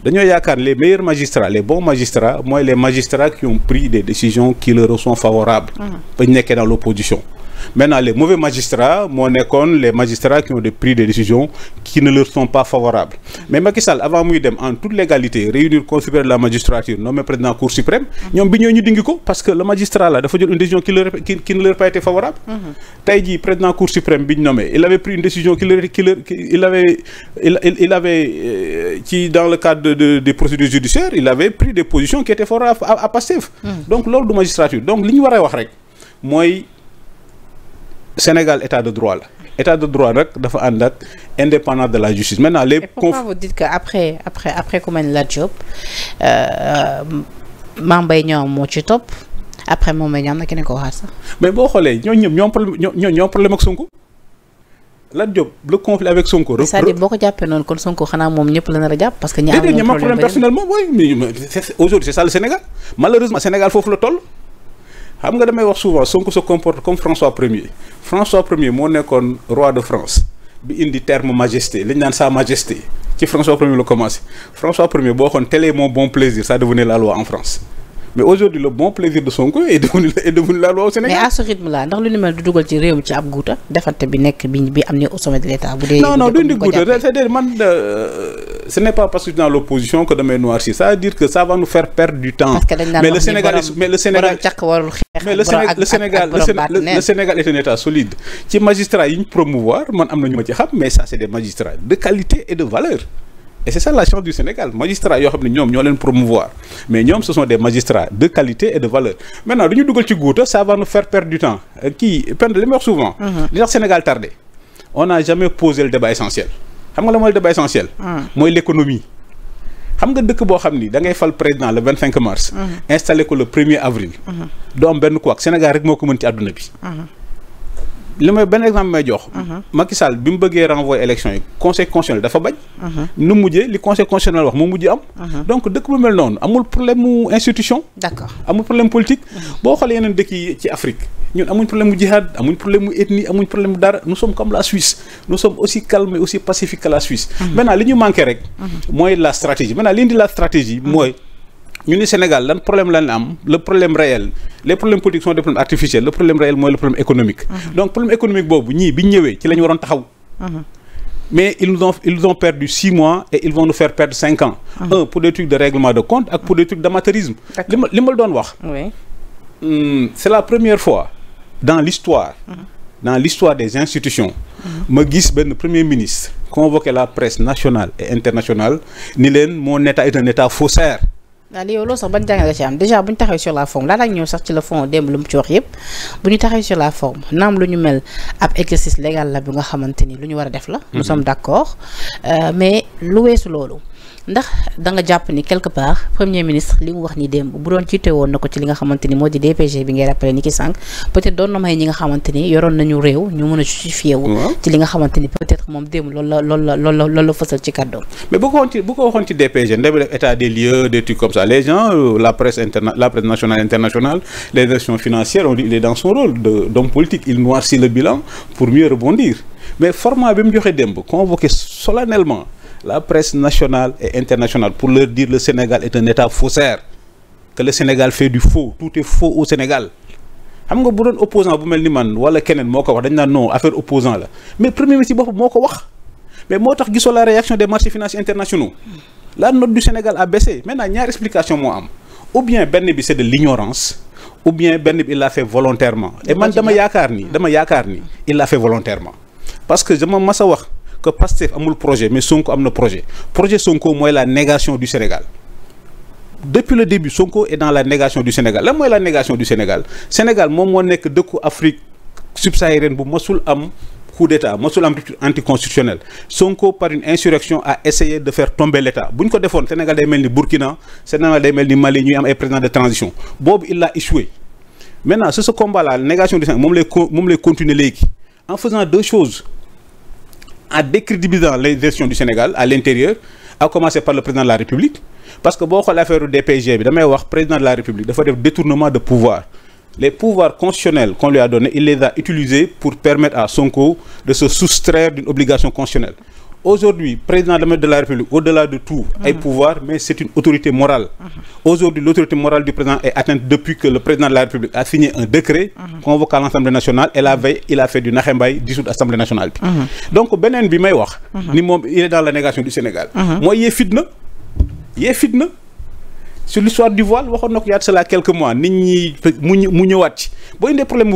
[SPEAKER 2] dañoo yaakaar les meilleurs magistrats les bons magistrats mooy les magistrats qui ont pris des décisions qui leur sont favorables uh-huh. bañ nekkee dans l'opposition maintenant les mauvais magistrats moo nekkoon les magistrats qui ont des pris des décisions qui ne leur sont pas favorables mais Macky avant muy dem en toute légalité réunir conseil de la magistrature nommé président cour suprême ñoom bi ñoo ñu dingi ko parce que le magistrat là dafa jël une décision qui leur qui, ne leur pas été favorable mm-hmm. tey jii président cour suprême bi ñu nommé il avait pris une décision qui leur qui leur il avait qui étaient Sénégal état de droit la état de droit rek dafa ànd ak indépendant de la justice maintenant les. pourquoi vous
[SPEAKER 1] dites que après après après ku mel ni Lat Diop euh, euh, Mame Mbaye moo ci topp après moom la ñu am na keneen
[SPEAKER 2] xoolee ñoo am problème ñoo ñoo problème ak Sonko.
[SPEAKER 1] Lat Diop le conflit avec Sonko. c'est-à-dire boo ko jàppee noonu kon Sonko xanaa moom ñëpp la nar a jàpp parce que. ñi am problème personnellement
[SPEAKER 2] mooy mais aujourd'hui c'est ça Sénégal malheureusement Sénégal foofu la toll. xam nga damay wax souvent Sonko se comporte comme François premier François premier moo nekkoon roi de France bi indi terme majesté li ñu naan sa majesté ci François premier la commencé François premier boo xoon télé mon bon plaisir ça devenait la loi en France mais aujourd'hui le bon plaisir de Sonko est
[SPEAKER 1] devenu est devenu la loi Sénégal. mais à ce rythme là ndax lu ni mel du dugal ci réew mi ci ab guuta defante bi nekk bi bi am ne au sommet de l'État bu dee. non non duñ di
[SPEAKER 2] man euh, ce n'est pas parce que l'opposition que damay noirci ça veut dire que ça va nous faire perdre du temps. parce dañ mais le mais le Sénégal mais le Sénégal État solide ci magistrat yi ñu promouvoir man am na ñu ma ci xam mais ça c'est des magistrats de qualité et c'est ça la chance du Sénégal magistrats yoo xam ne ñoom ñoo leen promouvoir mais ñoom ce sont des magistrats de qualité et de valeur maintenant du ñu dugal ci guuta ça faire perdre du temps euh, kii pend li ma wax souvent mhm. li tax Sénégal tardé on n'a jamais posé le débat essentiel xam nga la mooy le débat essentiel mhm. mooy l'économie xam nga dëkk boo xam ni da ngay fal président le vingt cinq mars mhm. installé ko le premier avril doo am benn ko ak Sénégal rek moo ko mën ci àdduna bi li may benn exemple may jox. Mhm. Macky bi mu bëggee renvoyer élection yi conseil constitutionnel dafa bañ. Mhm. nu mujjee li conseil constitutionnel wax mu mujjee am. Mhm. donc dëkk bu mel noonu amul problème mu institution. d'accord amul problème politique. boo xoolee yeneen dëkk ci Afrique ñun amuñ problème mu jihad amuñ problème mu ethnie amuñ problème mu dara nous sommes comme la Suisse nous sommes aussi calmes et aussi pacifiques que la Suisse. maintenant li ñu manqué rek. mooy la stratégie ñu ni Sénégal lan problème lan am le problème réel les problèmes politiques sont des problèmes artificiels le problème réel mooy le problème économique. Mhm. donc problème économique boobu ñii bi ñëwee ci la waroon taxaw. Mhm. mais ils nous ont ils nous perdu six mois et ils vont nous faire perdre cinq ans. Mhm. un pour des trucs de règlement de compte ak pour des trucs d'amateurisme. li ma li doon wax. Hmm, c'est la première fois dans l'histoire dans l'histoire des institutions. ma gis benn premier ministre convoquer la presse nationale et ni leen mon état est un état
[SPEAKER 1] daal yow loolu sax ban jàngat nga ci am déjà bu ñu taxawee sur la forme daal ñëw sax ci le fond démb lu mu ci wax bu ñu taxawee sur la forme naam lu ñu mel ab exercice légal la bi nga xamante ni lu ñu war a def la. nous mm-hmm. sommes d'accord euh, mais lu weesu loolu. ndax da nga jàpp ni quelque part premier ministre li mu wax ni démb bu doon jiite woon na ko ci li nga xamante ni moo di DPG bi ngay rappelé ni ki sànq peut-être doon na may ñi nga xamante ni yoroon nañu réew ñu mën a justifié wu ci li nga xamante ni peut-être moom démb loolu la loolu la loolu la loolu la fësal ci kàddoom
[SPEAKER 2] mais bu ko waxoon ci bu ko waxoon ci DPG ndem def état des lieux des trucs comme ça les gens euh, la presse nationale internationale les directions financières il est dans la presse national et internationale pour leur dire le Sénégal est un état faussaire que le Sénégal fait du faux tout est faux au Sénégal xam nga bu doon opposant bu mel ni man wala keneen moo ko wax dañ naa non affaire opposant la mais premier ministre boppam moo ko wax mais moo tax gisoo la réaction des marchés financiers internationaux la note du Sénégal a baissé maintenant ñaar explication moo am ou bien benn bi c'est de l'ignorance ou bien benn bi il l'a fait volontairement man dama yaakaar ni dama yaakaar ni il parce que dama mas a wax que Pastef amul projet mais Sonko am na projet projet Sonko mooy la négation du Sénégal depuis le début Sonko est dans la négation du Sénégal lan mooy la négation du Sénégal Sénégal moom moo nekk dëkku Afrique subsaharienne bu masul am coup d'état mosul am anticonstitutionnel Sonko par une insurrection a essayé de faire tomber l'état bu ko defoon Sénégal day mel ni Burkina Sénégal day mel ni Mali ñuy am ay président de transition boobu il a échoué maintenant c'est ce combat là négation du Sénégal moom lay moom lay continuer léegi en faisant deux en décrédibilisant les gestions du Sénégal à l'intérieur à commencer par le président de la République parce que boo xoolee affaire DPG bi damay wax président de la République dafa def détournement de pouvoir les pouvoirs constitutionnels qu'on lui a donnés il les a utilisés pour permettre à Sonko de se soustraire d'une obligation constitutionnelle aujourd'hui président de la République au-delà de tout mm-hmm. ay pouvoir mais c'est une autorité morale mm-hmm. aujourd'hui l'autorité morale du président est atteinte depuis que le président de la République a signé un décret mmh. convoquant l'Assemblée nationale et la mm-hmm. veille il a fait du naxe mbaay Assemblée nationale bi donc beneen bi may wax ni moom il est dans la négation du Sénégal mooy yee fitna yee fitna sur l'histoire du voile waxoon na ko yaat cela quelques mois nit ñi mu ñëwaat ci boo indee problème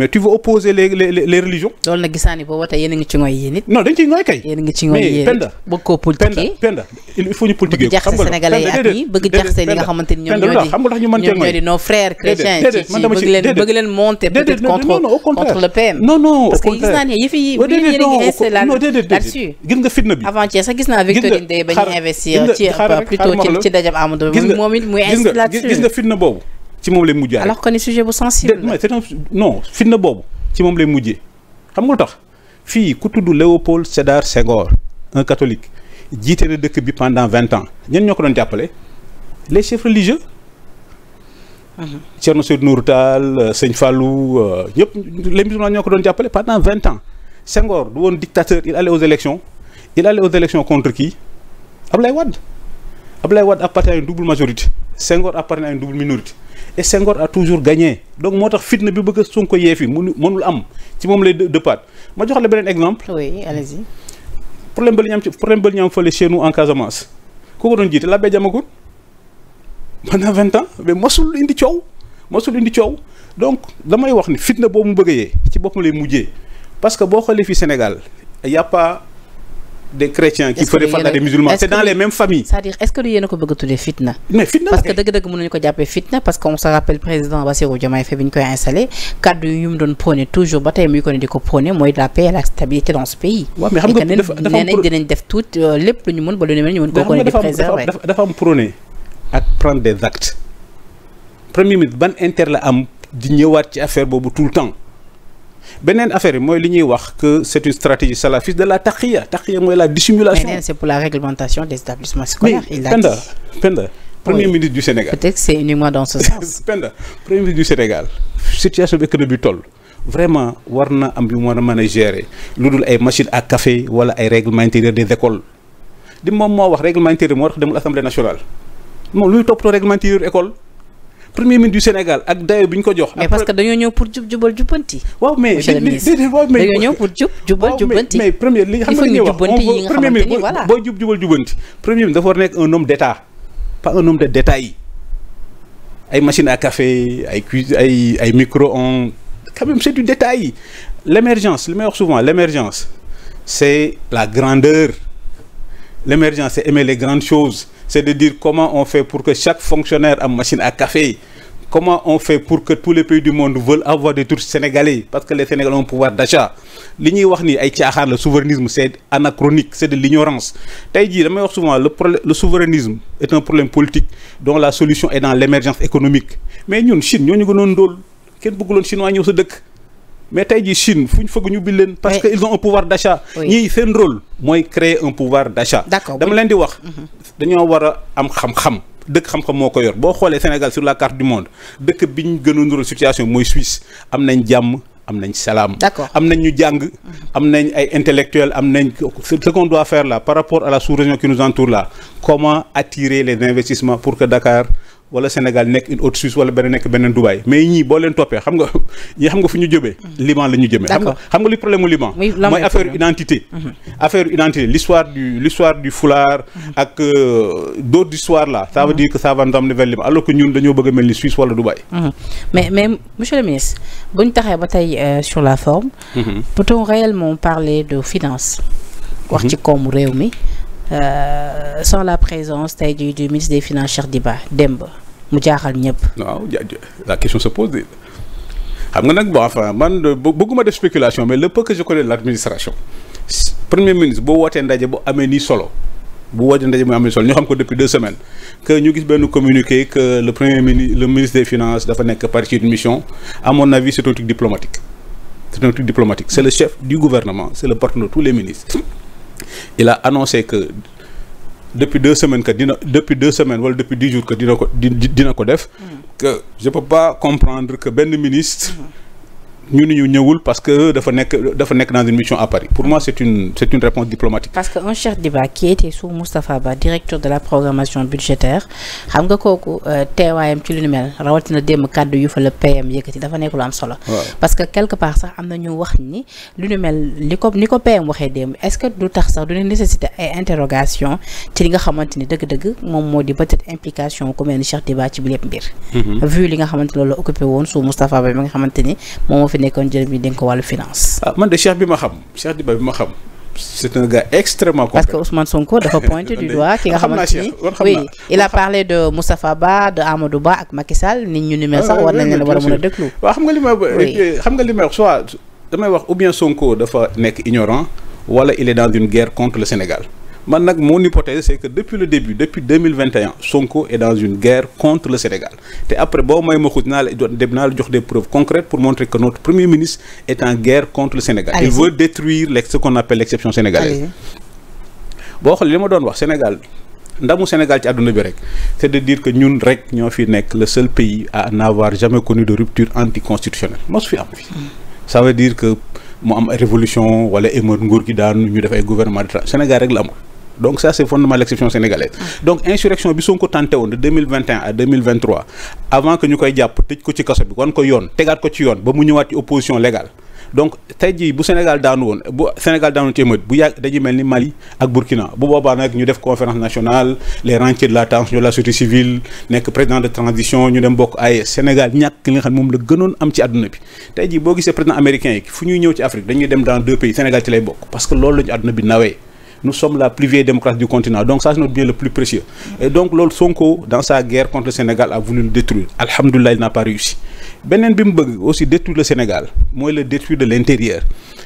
[SPEAKER 2] mais tu veux opposer les les religions.
[SPEAKER 1] loolu nag gisaani boobu tey yéen ngi ci ngooy yéen it. dañ ciy ngooy kay. yéen ngi ci ngooy yéen bëgg koo politiquer Penda il faut ñu politiquer ko. xam yi ak yi bëgg jaxase li nga xamante ni ñoom ñoo di. xam nga ci bëgg leen bëgg leen contre le PM. non non parce que gis naa yëf yi. déedéet non déedéet déedéet gis nga fitna bi. avant ci sax gis naa Victorine Day ba ñu investir
[SPEAKER 2] ci moom lay mujjaale.
[SPEAKER 1] alors que ni sujet bu sensible la
[SPEAKER 2] non fitna boobu ci moom lay mujjee xam nga lu tax fii ku tudd Léopold Sédar Senghor un catholique jiite na dëkk bi pendant vingt ans ñen ñoo ko doon jàppale les chefs religieux. Thierno Seydou Nourou Tall euh, Sëñ Fallou euh, ñëpp les musulmans ñoo ko doon jàppale pendant vingt ans Senghor du woon dictateur il allait aux élections il allait aux élections contre kii Ablaye lay Ablaye Wade appartient à une double majorité Senghor appartient à une et Senghor a toujours gagné donc moo tax fitna bi bëgg a Sonko yee fi mënu mënul am ci moom lay dëppaat ma jox la beneen exemple. oui allez-y. problème ba li am ci problème ba li ñu am fële chez nous en Casamance ku ko doon jiite l'abbé Diamacoune pendant vingt ans mais indi coow masul indi coow donc damay wax ni fitna boobu mu bëgg yee ci boppam lay mujjee parce que boo xoolee fii Sénégal y des chrétiens qui feraient face à des musulmans c'est dans les mêmes familles
[SPEAKER 1] cest dire est-ce que lu yéen ko bëgg tuddee fitna parce que dëgg-dëgg mënuñu ko jàppee fitna parce que on se rappelle président Bassirou Diomaye Faye bi ñu koy installé kaddu yu mu doon prôné toujours ba tey muy ko di ko prôné mooy la paix et la stabilité dans ce pays waaw def tout euh,
[SPEAKER 2] dafa am prôné ak prendre des actes premier ministre ban intérêt la am di ñëwaat ci affaire boobu tout le temps beneen affaire yi mooy li ñuy wax que c' est une stratégie salafiste de la taqiya taqiya mooy la dissimulation. mais eh
[SPEAKER 1] c' pour la réglementation des établissements scolaires. il a dit Penda
[SPEAKER 2] Penda premier oui. ministre du Sénégal. peut-être c' est situation bi économie bi toll. vraiment war na am yu mu war a mën a gérer lu dul ay machine à café wala ay règlement intérieur des écoles di moom moo wax règlement intérieur moo tax demul assemblée nationale moom luy toppatoo règlement intérieur école. premier ministre du Sénégal ak dayo bi ñu ko jox. mais parce que dañoo ñëw pour jub jubal jubbanti. waaw mais dañoo ñëw pour jub jubal jubbanti. mais premier li xam nga li ñuy wax premier ministre booy jub jubal jubbanti. premier dafa war nekk un homme d' état pas un homme de détail ay machine à café ay cuisine ay ay micro ondes quand même c' du détail l' émergence li may wax souvent l' émergence est la grandeur l' émergence c' est aimer c'est de dire comment on fait pour que chaque fonctionnaire am machine à café yi comment on fait pour que tous les pays du monde veulent avoir des touristes sénégalais parce que les sénégalais ont pouvoir d'achat li ñuy wax ni ay caaxaan la souverainisme c'est anachronique c'est de l'ignorance tey jii damay wax souvent le problème le souverainisme est un problème politique dont la solution est dans l'émergence économique mais ñun Chine ñoo ñu gënoon ndóol kenn bëgguloon mais tey jii Chine fu ñu fëgg ñu bi leen. parce que ils ont un pouvoir d' achat. ñii seen rôle mooy créer un pouvoir d' dama leen di wax. Mhm. dañoo war a am xam-xam. dëkk xam-xam moo ko yor boo xoolee Sénégal sur la carte du monde dëkk bi ñu gën a nural situation mooy Suisse am nañ jàmm. am nañ salaam am nañ ñu jàng mhm. am nañ ay intellectuels am nañ ce qu'on doit faire là par rapport à la sous-région qui nous entoure là comment attirer les investissements pour que Dakar wala Sénégal nekk une autre Suisse wala beneen nekk beneen Dubaï mais ñii boo leen toppee xam nga ñii xam nga fu ñu jëmee. Mm-hmm. Liban la ñu jëmee. xam nga xam nga li problème mu Liban. mooy affaire identité. Mm-hmm. affaire identité l'histoire du l'histoire du foulard. Mm-hmm. ak euh, d'autres histoires là. ça veut dire que ça va nous emmener Liban alors que ñun dañoo bëgg a mel ni Suisse wala Dubaï.
[SPEAKER 1] mais mais monsieur le ministre bu ñu taxee ba tey euh, sur la forme. peut-on réellement parler de finance. wax ci koomu réew mi. Euh, sans la présence tey jii du ministre des finances Cheikh Diba démb mu jaaxal ñëpp.
[SPEAKER 2] waaw la question se pose de xam nga nag bon enfin man bëgguma def spéculation mais le peu que je connais de l'administration premier ministre boo wootee ndaje bu amee nii solo. bu wootee ndaje mu amee solo ñu xam ko depuis deux semaines que ñu gis benn communiqué que le premier ministre des finances dafa nekk partie d'une mission à mon avis c'est un truc diplomatique c'est un truc diplomatique c'est le chef il a annoncé que depuis deux semaines que dina depuis deux semaines wala depuis dix jours que dina ko dina ko def mm. que je peux pas comprendre que benn ministre mm-hmm. ñu ni ñu ñëwul parce que dafa nekk dans une mission à pour moi c'est une réponse diplomatique.
[SPEAKER 1] parce que un chef débat qui était sous Ba directeur de la programmation budgétaire xam nga kooku euh, teewaayam ci lu ni mel rawatina démb kàddu yu fa la PM yëkkati dafa nekk lu am solo. parce que quelque part sax am na ñu wax ni lu ni mel li ko ni ko PM waxee démb est du tax sax du ne nécessité ay ci li nga xamante dëgg-dëgg moom moo di peut-être nekkoon jël mi dénk ko wàllu finance.
[SPEAKER 2] ah man de Cheikh bi ma xam Cheikh Diba bi ma xam. c'est un gars extrêmement compétent. Parce que Ousmane Sonko dafa pointé du doigt ki nga xamante ni oui
[SPEAKER 1] il a parlé de Moustapha Ba de Amadou Ba ak Macky Sall nit ñu ni sax ah, war nañ leen war a mën a déglu.
[SPEAKER 2] waa xam nga li may euh, xam nga li may wax soit damay wax ou bien Sonko dafa nekk ignorant wala il est dans une guerre contre le Sénégal. man nag moo hypothèse c'est que depuis le début depuis 2021 Sonko est dans une guerre contre le Sénégal te après boo may ma xuj naa la dem naa la jox de preuves concrètes pour montrer que notre premier ministre est en guerre contre le Sénégal il veut détruire ce qu'on appelle l'exception sénégalaise boo xoolee li ma doon wax Sénégal ndamu Sénégal ci àdduna bi rek c'est de dire que ñun rek ñoo fi nekk le seul pays à n'avoir jamais connu de rupture anticonstitutionnelle mosu fi am fi ça veut dire que mu am révolution wala émeute nguur gi daanu ñu def ay gouvernement Sénégal rek la amul donc ca c' est fondement l' exception sénégalaise ah. donc insurrection bi Sonko tenté woon de 2021 à 2023 avant que ñu koy jàpp tëj ko ci kaso bi wan ko yoon tegaat ko ci yoon ba mu ñëwaat ci opposition légale donc tey bu Sénégal daanu woon bu Sénégal daanu ci émeute bu yàgg dañuy mel ni Mali ak Burkina bu boobaa nag ñu def conférence nationale les rentiers de la tension de la société civile nekk président de transition ñu dem bokk ay Sénégal ñàkk li nga xam moom la gënoon am ci àdduna bi tey jii boo gisee président américain yi fu ñuy ñëw ci Afrique dañuy dem dans deux pays Sénégal ci lay nous sommes la plus vieille démocratie du continent donc ça c'est notre bien le plus précieux et donc loolu Sonko dans sa guerre contre le Sénégal a voulu le détruire alhamdulilah il n'a pas réussi beneen bi mu bëgg aussi détruire le Sénégal mooy le détruire de l'intérieur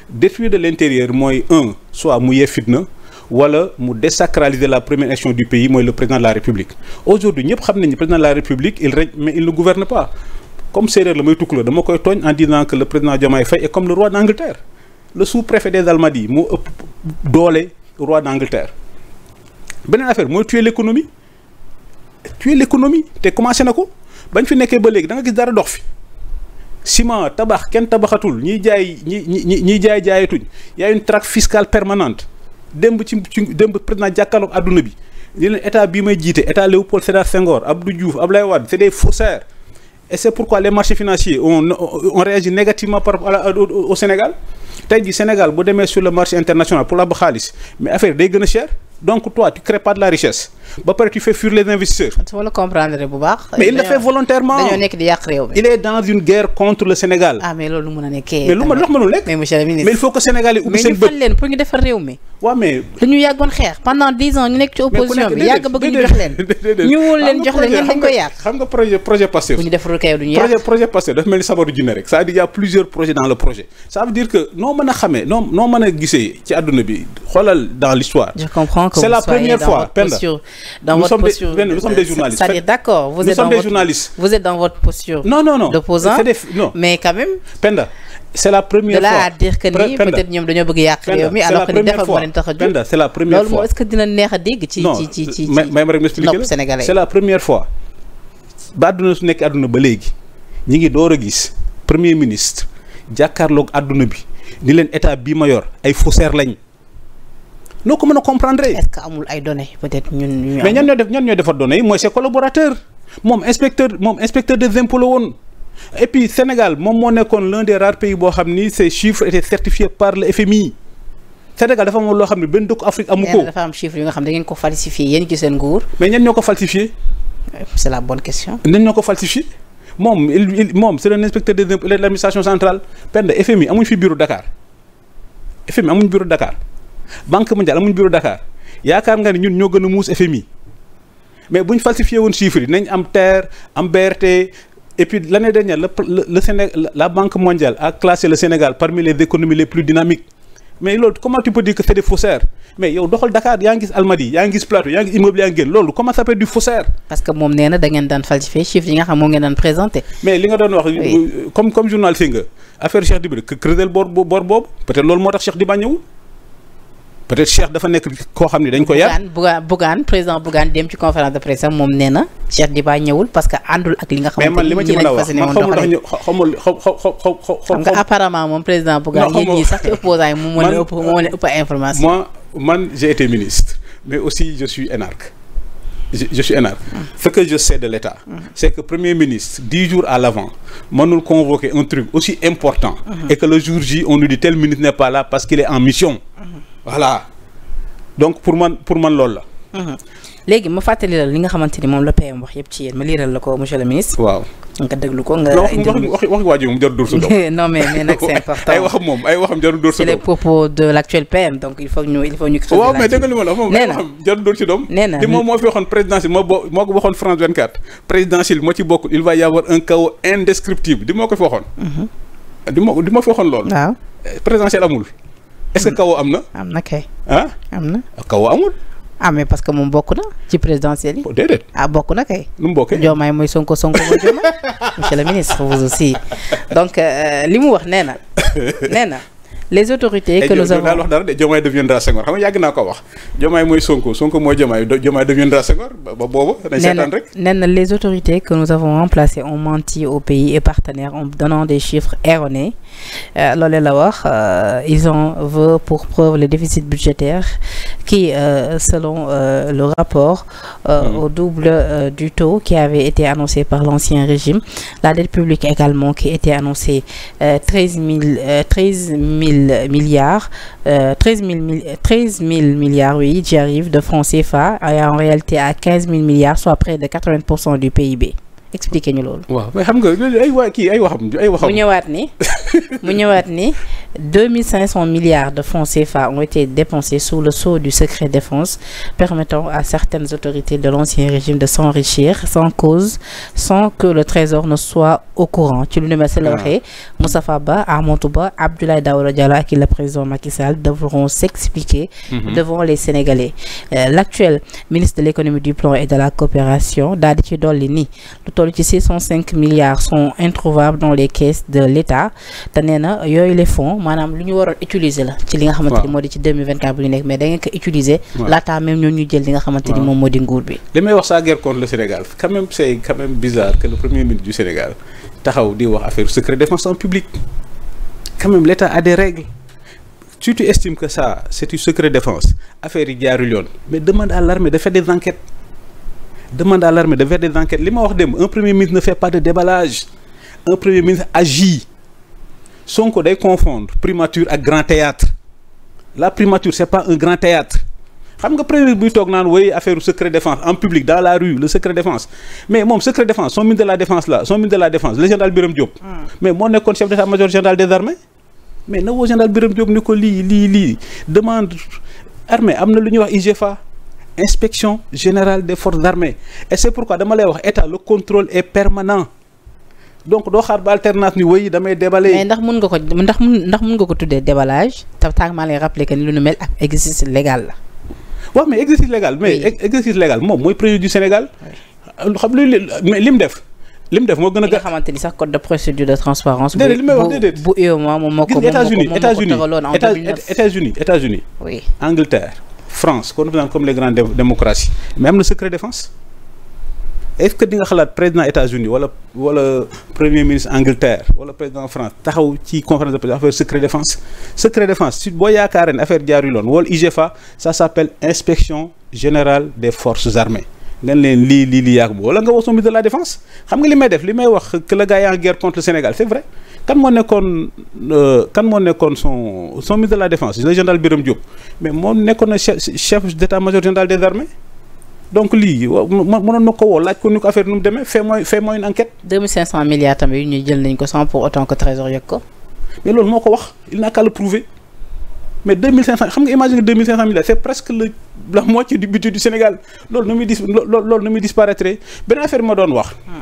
[SPEAKER 2] détruire de l'intérieur mooy un soit mu yee fitna wala mu désacraliser la première action du pays mooy le président de la République aujourd'hui ñëpp xam nañu président de la République il règne mais roi d'Angleterre beneen affaire mooy tuer l'économie tuer l'économie te commencé na ko bañ fi nekkee ba léegi danga nga gis dara dox fi ciment tabax kenn tabaxatul ñiy jaay ñi ñi ñiy jaay jaayatuñ y a une traque fiscale permanente démb ci ci démb président jàkkaarloog àdduna bi ni leen état bi may jiite état Léopold Sédar Senghor Abdou Diouf Abdoulaye Wade c'est des faussaires et c'est pourquoi les marchés financiers on on réagit négativement par rapport au Sénégal tey ji Sénégal bu demee sur le marché international pour la ba xaalis mais affaire day gën a cher donc toi tu crées pas la richesse ba pare tu fais fuir les investisseurs. su la comprendre bu baax. mais il le fait volontairement dañoo
[SPEAKER 1] nekk di yàq réew
[SPEAKER 2] mi. il est dans une guerre contre le Sénégal. ah mais loolu mën a nekkee. lu ma dox mënul nekk. mais monsieur ministre mais il faut que Sénégal yi ubbi seen bët. mais pour ñu defar réew mi. waaw mais.
[SPEAKER 1] lu ñu yàggoon xeex pendant dix ans ñu nekk ci opposition bi yàgg bëgg ñu jox leen.
[SPEAKER 2] ñu wóol leen jox leen ngeen dañ koy yàq. xam nga projet
[SPEAKER 1] dans nous votre posture. Des, nous sommes cest dire d'accord, vous nous êtes sommes dans Vous êtes dans votre posture. Non, non, non. D'opposant. Mais quand Penda. C'est la première fois. De là fois. à dire que ni peut ñoom dañoo bëgg yàq réew mi alors que
[SPEAKER 2] a jóg. ba àdduna su nekk ba léegi ñi ngi door a gis premier ministre jàkkaarloog àdduna bi ni leen état bi ma yor ay faussaires lañ
[SPEAKER 1] noo ko mën a comprendre. est-ce que amul ay données peut-être ñun. mais ñan ñoo
[SPEAKER 2] def ñan ñoo defar données yi mooy ses collaborateurs moom inspecteur moom inspecteur des impôts la woon. et puis Sénégal moom moo nekkoon l'un des rares pays boo xam ni ces chiffres étaient certifiés par le FMI. Sénégal dafa moom loo xam ne benn dëkk Afrique amu ko.
[SPEAKER 1] dafa am chiffre yu nga xam ne da ngeen ko falsifié yéen ci seen nguur.
[SPEAKER 2] mais ñenn ñoo ko falsifié. c'est la bonne question. ñenn ñoo ko falsifié moom il moom c'est l'inspecteur de l'administration centrale. PND FMI amuñ fi bureau Dakar FMI amuñ bureau Dakar. banque mondiale amuñ bureau Dakar yaakaar nga ne ñun ñoo gën a muus FMI mais bu ñu falsifié woon chiffres yi nañ am TER am BRT et puis l'année dernière le le la banque mondiale a classé le Sénégal parmi les économies les plus dynamiques mais loolu comment tu c'est des faussaires mais yow doxal Dakar yaa ngi gis yaa ngi Plateau yaa ngi gis immeuble génn loolu comment
[SPEAKER 1] ça peut du faussaire. parce que moom nee na daan falsifier chiffres yi
[SPEAKER 2] peut-être Cheikh dafa nekk koo xam ne dañ ko yar
[SPEAKER 1] Bougane Bougane président Bougane dem ci conférence de presse moom nee na Cheikh Diba ñëwul parce que àndul ak li nga xamante ni ñi lañ fas ne moom doxalee xamul xam nga apparemment moom président Bougane yéen ñii sax ci opposant yi moom moo leen information
[SPEAKER 2] man j'ai mais aussi je suis énarque je, je suis énarque mm. ce de l'État mm. c'est que premier ministre dix jours à l'avant mënul convoquer un truc aussi important mm. et que le jour J parce qu'il mission voilà donc pour man pour man loolu la.
[SPEAKER 1] Mhm. léegi ma fàttali la li nga xamante ni moom la PM wax yëpp ci yéen ma liiral la ko monsieur le ministre. waaw nga déglu ko nga. wax waxi
[SPEAKER 2] waxi waa moom jarul dóor sa doom. non mais mais nag moom wax moom ay waxam jarul dóor si doom. nee na te moom moo fi waxoon présidentiel moo bo moo ko waxoon France 24 présidentiel moo ci bokk il va y avoir un chaos indescriptible di moo ko fi waxoon. Mhm. di moo di moo fi waxoon loolu. waaw présidentiel amul. est-ce que kawoo am na. am na kay. Ah? am na. kawoo amul.
[SPEAKER 1] ah mais parce que moom bokk na ci présidence yi. Oh, déedéet ah, bokk na kay. nu mu bokkee mooy Sonko Sonko mooy Diomaye monsieur le ministre vous aussi donc euh, li mu wax nee na nee na. les autorités que nous avons
[SPEAKER 2] wax dara de Diomaye deviendra Senghor xam nga yàgg ko wax Diomaye mooy Sonko Sonko mooy Diomaye deviendra Senghor ba booba dañ
[SPEAKER 1] les autorités que nous avons remplacées ont menti au pays et partenaires en donnant des chiffres erronés euh, loolee la wax euh, ils en veulent pour preuve le déficit budgétaire qui euh, selon euh, le rapport euh, mmh. au double euh, du taux qui avait été annoncé par l'ancien régime la dette publique également qui était annoncée 000 milliards, euh, 13, 000, 13 000 milliards, oui, j'y de francs CFA, et en réalité à 15 000 milliards, expliquer ñu loolu. waaw mu ñëwaat ni mu ñëwaat ni cinq cent milliards de francs CFA ont été dépensés sous le sceau du secret défense permettant à certaines autorités de l'ancien régime de s'enrichir sans cause sans que le trésor ne soit au courant ci lu ne ma si la waxee Moustapha Ba Amadou Ba président Macky devront s'expliquer mhm. devant les Sénégalais euh, l'actuel ministre de l'économie du plan et de la coopération daal di ci dolli ni toll ci 605 milliards sont introuvables dans les caisses de l'État te nee yooyu les fonds maanaam lu ñu waroon utiliser la ci li nga xamante ni moo di ci 2024 bu ñu nekk mais da ko utiliser laataa même ñoom jël li nga xamante moom moo di nguur bi
[SPEAKER 2] li may wax sa guerre contre le Sénégal quand même c'est quand même bizarre premier ministre du Sénégal taxaw di wax affaire secret défense en public quand l'État a des règles si tu estimes que ça c'est du secret défense affaire yi demande à l'armée de faire des enquêtes li ma wax dem un premier ministre ne fait pas de déballage un premier ministre agit Sonko day confondre primature ak grand théâtre la primature c'est pas un grand théâtre xam nga premier buy toog naan woy affaire secret défense en public dans la rue le secret défense mais moom secret défense son ministre de la défense là son ministre de la défense le général Birame Diop hmm. mais moo nekkoon chef d'état-major général ko lii lii lii demande armée am na lu ñuy wax IGFA inspection générale de forces armées et c'est pourquoi dama lay wax état le contrôle est permanent donc doo xaar ba alternance ni wëy damay déballer. mais
[SPEAKER 1] ndax mun nga ko ndax mun ndax mun nga ko tuddee déballage te taag maa lay rappeler que ni lu nu mel ak exercice légal la.
[SPEAKER 2] waaw mais exercice légal mais exercice légal moom mooy préjudice du Sénégal. xam lu mais li mu def. li mu def moo gën a. nga xamante ni sax code de procédure
[SPEAKER 1] de transparence déedéet li
[SPEAKER 2] may France qu'on comme les grandes démocraties mais am na secret défense est-ce que di xalaat président États-Unis wala wala premier ministre Angleterre wala président France taxaw ci conférence de presse affaire secret défense secret défense su boo yaakaaree ne affaire jaarul yoon wala IGFA ça s'appelle inspection générale des forces armées nga leen lii lii lii yaa ko bëgg nga wax son ministre de la défense xam nga li may def li may wax que le gars yaa guerre contre le Sénégal c'est vrai kan moo nekkoon euh, kan moo nekkoon son son ministre de la défense le général Birame Diop mais moom nekkoon na chef chef d'état-major général des donc lii
[SPEAKER 1] mënoon na ko woo laaj ko
[SPEAKER 2] ni ko affaire nu mu demee fait mooy fait mooy une enquête.
[SPEAKER 1] 2500 milliards tamit jël nañ ko sans pour autant que trésor yëg ko. mais loolu mais
[SPEAKER 2] 2500 xam nga imagine 2500 milliards c'est presque le la moitié du budget du Sénégal loolu na muy dis loolu na muy disparaître beneen affaire ma doon wax. Ah.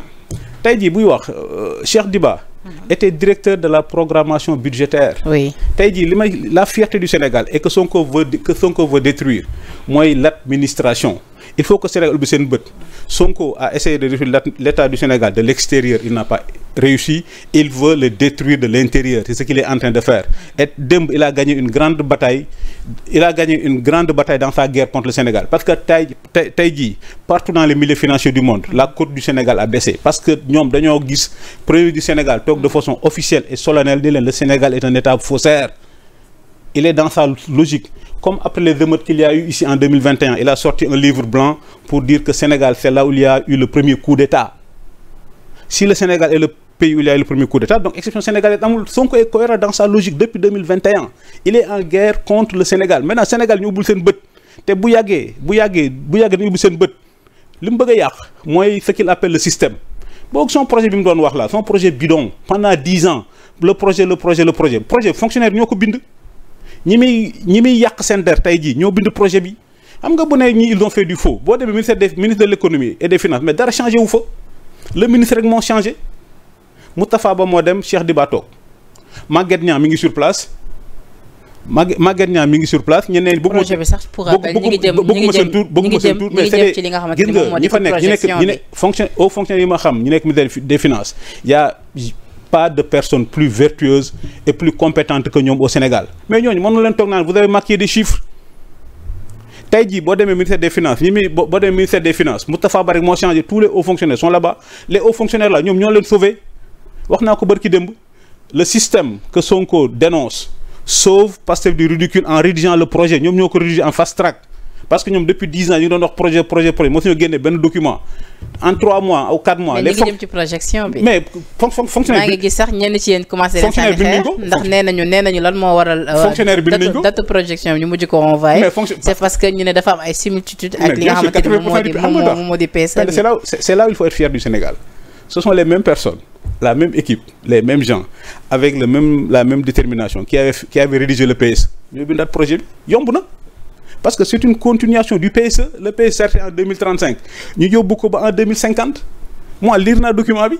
[SPEAKER 2] tey jii buy wax euh, Cheikh Diba. Mm-hmm. était directeur de la programmation budgétaire. oui tey jii li may la fierté du Sénégal et que Sonko veut que Sonko veut détruire mooy ministration il faut que Sénégal bi seen bët Sonko a essayé de détruire l'état du Sénégal de l'extérieur il n'a pas réussi il veut le détruire de l'intérieur c'est ce qu'il est en train de faire et démb il a gagné une grande bataille il a gagné une grande bataille dans sa guerre contre le Sénégal parce que tey tey tey jii partout dans les milieux financiers du monde la cote du Sénégal a baissé parce que ñoom dañoo gis premier du Sénégal toog de façon officielle et solennelle ni leen le Sénégal est un état faussaire il comme après les émeutes qu'il y a eu ici en 2021, il a sorti un livre blanc pour dire que Sénégal, c'est là où il y a eu le premier coup d'État. Si le Sénégal est le pays où il y a eu le premier coup d'État, donc exception sénégalaise, Sonko est cohérent dans sa logique depuis Il est en guerre contre le Sénégal. Maintenant, le Sénégal, nous sen bête. Té bu yagé, bu yagé, bu yagé ñu sen bête. Lim bëgg yaq moy ce qu'il appelle le système. Bok son projet bi mu doon wax là, son projet le projet projet le projet. Projet bind. ñi muy ñi muy yàq seen der tey jii ñoo bind projet bi xam nga bu ne ñi ils ont fait du faux boo demee ministère des ministre de l' économie et des finances mais dara changé wu fa le ministre rek moo changé Moustapha Ba moo dem Cheikh Diba toog Maguette Niang mi ngi sur place Mag Maguette Niang mi ngi sur place ñeneen. projet bi sax pour rappel ñu ngi jëm nga xamante ni moom moo di projection bi gis nga ñi fa nekk ñi nekk fonction au fonctionnaire yi ma xam ñu nekk ministère des finances y' pas de personnes plus vertueuses et plus compétentes que ñoom au Sénégal mais ñooñu moo na leen toog naan vous avez marqué des chiffres tey jii boo demee ministère des finances ñi muy boo demee ministère des finances Moustapha Barry moo changé tous les hauts fonctionnaires sont là-bas les hauts fonctionnaires là ñoom ñoo leen sauvé wax naa ko bërki démb le système que Sonko dénonce sauve Pastef du ridicule en rédigeant le projet ñoom ñoo ko rédiger en fast track parce que ñoom depuis dix ans ñu ngi doon wax projet projet projet moo suñu génne benn document en trois mois ou quatre mois. les jëm
[SPEAKER 1] ci projection bi. mais fon fonctionnaire bi maa ngi gis sax ñenn ci yéen commencé. fonctionnaire bi nañ ko ndax nee nañu nee nañu lan moo waral. Euh, fonctionnaire bi nañ ko date projection bi ñu mujj ko envoyé. mais parce que ñu ne dafa am ay similitudes. ak li nga xamante ni moo di moom moo di PSE. c' est
[SPEAKER 2] là c' il faut être fier du parce que c'est une continuation du PSE le PSE sorti en ñu yóbbu ko ba en 2050 moi lire naa document bi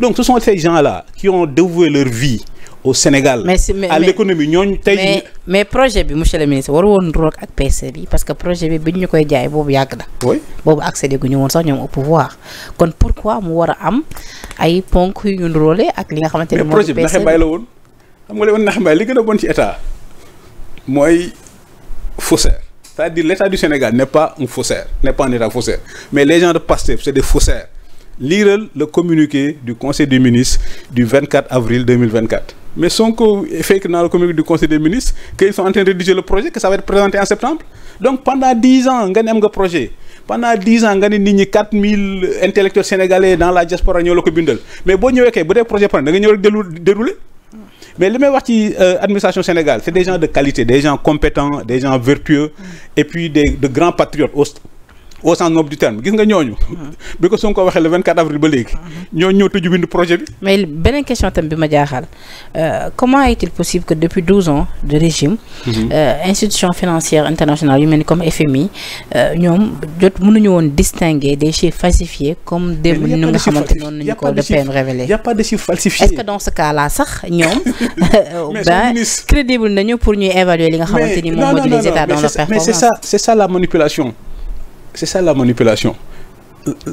[SPEAKER 2] donc ce sont ces gens-là qui ont dévoué leur vie au Sénégal. mais si mais à l'économie ñooñu tey.
[SPEAKER 1] mais projet bi monsieur le ministre war woon roog ak PC e bi parce que projet bi biñ ñu koy jaay boobu yàgg na. oui boobu accédé gu ñu woon sax ñoom au pouvoir kon pourquoi mu war a am ay ponk yu ñu roole ak li nga xamante ne. mooy bi e naxe mbaay la
[SPEAKER 2] woon xam nga li woon naxe mbaay li gën a bon ci état mooy faussaires. C'est-à-dire l'État du Sénégal n'est pas un faussaire, n'est pas un État faussaire. Mais les gens de PASTEF, c'est des faussaires. Lire le communiqué du Conseil des ministres du avril Mais Sonko fait que dans le communiqué du Conseil des ministres qu'ils sont en train rédiger le projet, que ça va présenté en septembre. Donc pendant ans, nga ne am nga projet. pendant ans nga ne nit ñi quatre sénégalais dans la diaspora ñoo la ko bindal mais boo ñëwee mais li may wax ci euh, administration Sénégal c'est des gens de qualité des gens compétents des gens vertueux mm. et puis des de grands patriotes au sens noble du terme gis nga ñooñu. Uh-huh. bi ko Sonko waxee le 24 avril ba léegi. Uh-huh. ñooñu ñoo tëju bind projet bi.
[SPEAKER 1] mais beneen question tam bi ma jaaxal euh, comment est-il possible que depuis douze ans de régime. Mm-hmm. Euh, institution financière internationale yu mel ni comme FMI euh, ñoom jot mënuñu woon distinguer des chiffres falsifiés comme démb ni nga xamante noonu nañu ko le PM révélé. de chiffres est que dans ce sax ñoom. ben crédible nañu pour ñuy évaluer li nga xamante ni moom moo di les états dans leur performance mais c'est ça
[SPEAKER 2] c'est ça la c'est ça la manipulation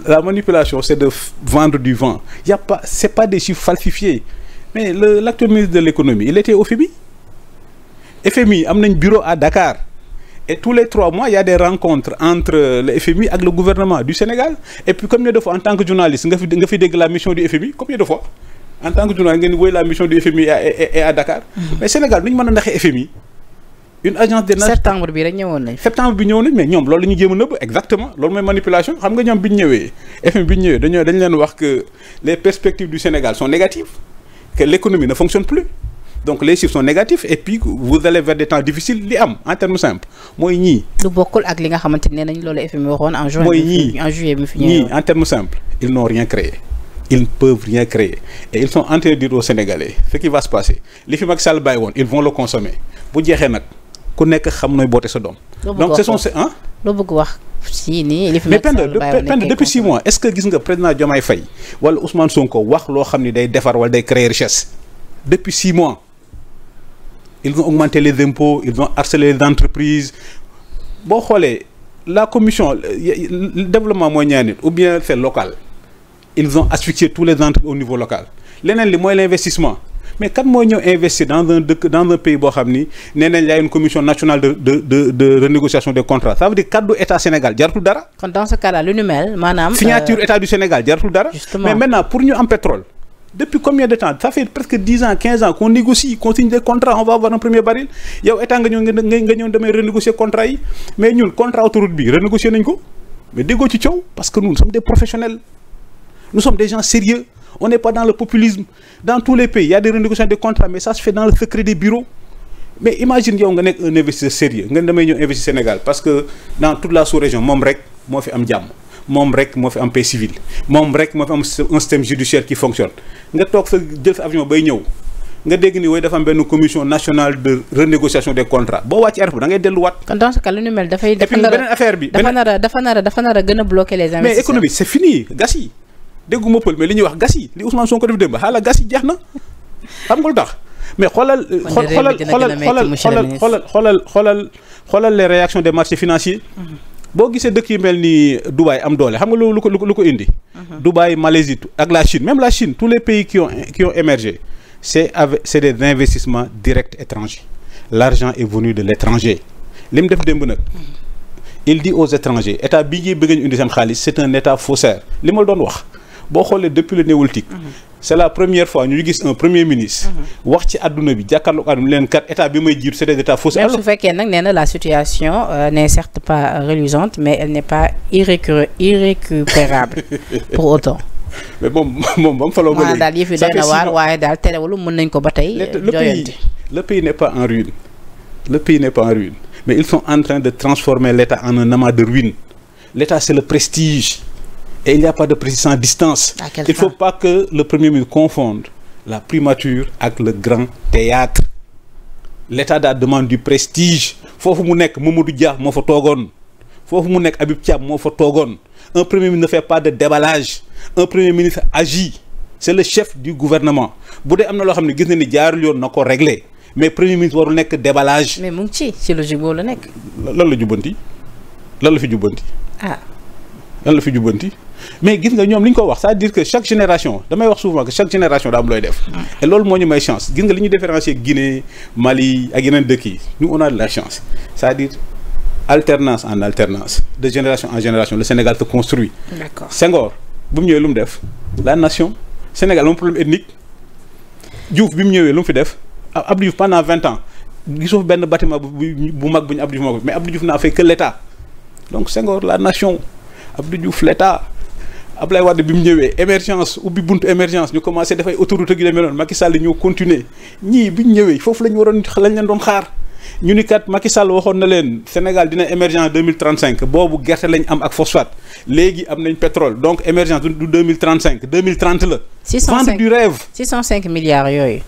[SPEAKER 2] la manipulation c'est de vendre du vent y a pas c'est pas des chiffres falsifiés mais le l'actuel ministre de l'économie il était au FMI FMI am nañ bureau à Dakar et tous les trois mois il a des rencontres entre le FMI ak le gouvernement du Sénégal et puis combien de fois en tant que journaliste nga fi nga fi dégg la mission du FMI combien de fois en tant que journaliste ngeen wooy la mission du FMI et à Dakar mm-hmm. mais Sénégal ñu mën a ndaxee FMI une agence des nations septembre bi rek ñëwoon nañ. septembre bi ñëw nañ mais ñoom loolu la ñu a nëbb exactement loolu mooy manipulation xam nga ñoom bi ñu ñëwee FM bi ñu ñëwee dañoo leen wax que les perspectives du Sénégal sont négatives que l'économie ne fonctionne plus donc les chiffres sont négatifs et puis vous allez vers des temps difficiles li am
[SPEAKER 1] en termes mooy ñii. lu bokkul ak li nga xamante ne nañ loolu FM waxoon en juin. mooy ñii en juillet mi fi ñëwee ñii
[SPEAKER 2] en termes simples ils n'ont rien créé. li fi Macky Sall bàyyi le consommer bu jeexee nag. ku nekk xam nooy boote sa doom.
[SPEAKER 1] donc ce sont ces ah. loo bëgg wax si nii li fi mais Penda depuis
[SPEAKER 2] six mois est-ce que gis nga président Diomaye Faye wala Ousmane Sonko wax loo xam ni day defar wala day créer richesse depuis six mois ils ont augmenté les impôts ils ont harcelé les entreprises boo xoolee la commission le développement mooy ñaanit ou bien c'est local ils ont asphyxié tous les entreprises au niveau local leneen li mooy l'investissement mais kan mooy ñëw investir dans un dëkk dans un pays boo xam ni nee nañ une commission nationale de de de renégociation des contrats ça veut dire kaddu état Sénégal jaratul dara.
[SPEAKER 1] kon euh, état
[SPEAKER 2] du Sénégal jaratul dara. mais maintenant pour ñu am pétrole. depuis combien de temps ça fait presque dix ans quinze ans qu'on négocie qu'on signe des contrats on va avoir un baril yow état nga ñëw nga nga ñëw demee renégocier contrat yi mais ñun contrat On n'est pas dans le populisme. Dans tous les pays, il y a des renégociations de contrats, mais ça se fait dans le secret des bureaux. Mais imagine yow nga nekk un investisseur sérieux nga damay ñëw investir Sénégal parce que dans toute la sous-région moom rek moo fi am jàmm moom rek moo fi am paix civile moom rek moo fi am un système judiciaire qui fonctionne nga toog sa jël sa avion bay ñëw nga dégg ni wooy dafa am commission nationale de renégociation des contrats a a dafa
[SPEAKER 1] a dafa nar a
[SPEAKER 2] dégguma pël mais li ñuy wax gas yi li Ousmane Sonko def démb xaala ah, gas yi jeex na xam nga lu tax mais xoolal xoolal xoolal xoolal xoolal xoolal xoolal les réactions des marchés financiers mhm. boo gisee dëkk yu mel ni Dubaï am doole xam nga lu ko lu ko indi mhm. Dubaï Malaisie ak la Chine même la Chine tous les pays qui ont qui ont émergé c'est avec c'est des investissements directs étrangers l'argent li mu def démb nag mhm. il dit aux étrangers état bi ngi bëgg ñu indi seen xaalis c'est un état faussaire li ma doon wax boo xoolee depuis le néolithique. Mhm. c' est la première fois ñu gis un premier ministre. Mhm. wax ci àdduna bi jàkkaarloog àdduna leen kat état bi may jiitu c' est des états fausses. alors su
[SPEAKER 1] fekkee nag nee na la situation euh, n' est certes pas reluisante mais elle n' pas irrécupérable pour autant. mais moom moom ba mu faloo ba daal yëf yi doy na waaye daal terewul mën nañ ko ba tey. jooyanti
[SPEAKER 2] euh, le pays n' est pas en ruine le pays n' pas en ruine mais ils sont en de transformer l' état en un l' état c' le prestige. Et il n'y a pas de précision à distance. À il ne le Premier ministre confonde la primature ak le grand théâtre. L'État de la demande du prestige. foofu mu nekk nek du Dia moo fa toogoon foofu mu nek Habib Thiam moo fa toogoon Un premier ministre ne fait pas de déballage. Un premier ministre agit. C'est le chef du gouvernement. Boudé amna lo xamni gis na ni jaarul yon nako régler. mais premier ministre warul nekk déballage. mais mu ngi ci ci logique boobu la nekk. lan la jubbanti lan la fi jubbanti. ah lan la fi jubbanti. mais gis nga ñoom li ñu ko wax c'est-à-dire que chaque génération damay wax souvent que chaque génération daa am looy def loolu moo ñu may chance gis nga li ñu différencier Guinée Mali ak yeneen dëkk yi nous on de la chance cest dire alternance en alternance de génération en génération le Sénégal se construit Senghor bu mu ñëwee lu mu def la nation Sénégal moom problème ethnique Diouf bi mu ñëwee lu mu fi def ah, Abdou Diouf pendant vingt ans gisoo benn bâtiment bu bu mag bu ñu Abdou Diouf moo ko mais Abdou Diouf n'a la nation Abdou ab Ablaye Wade bi mu ñëwee émergence ubbi bunt émergence ñu commencé dafay autoroute gi demee noonu Macky Sall ñoo continuer ñii bi ñu ñëwee foofu la ñu waroon lañ leen doon xaar ñu ni kat Macky Sall waxoon na leen Sénégal dina émergence deux mille trente cinq boobu gerte lañ am ak phosphate léegi am nañ pétrole donc émergence du deux mille trente cinq deux mille trente la. vente du rêve.
[SPEAKER 1] cent cinq milliards yooyu.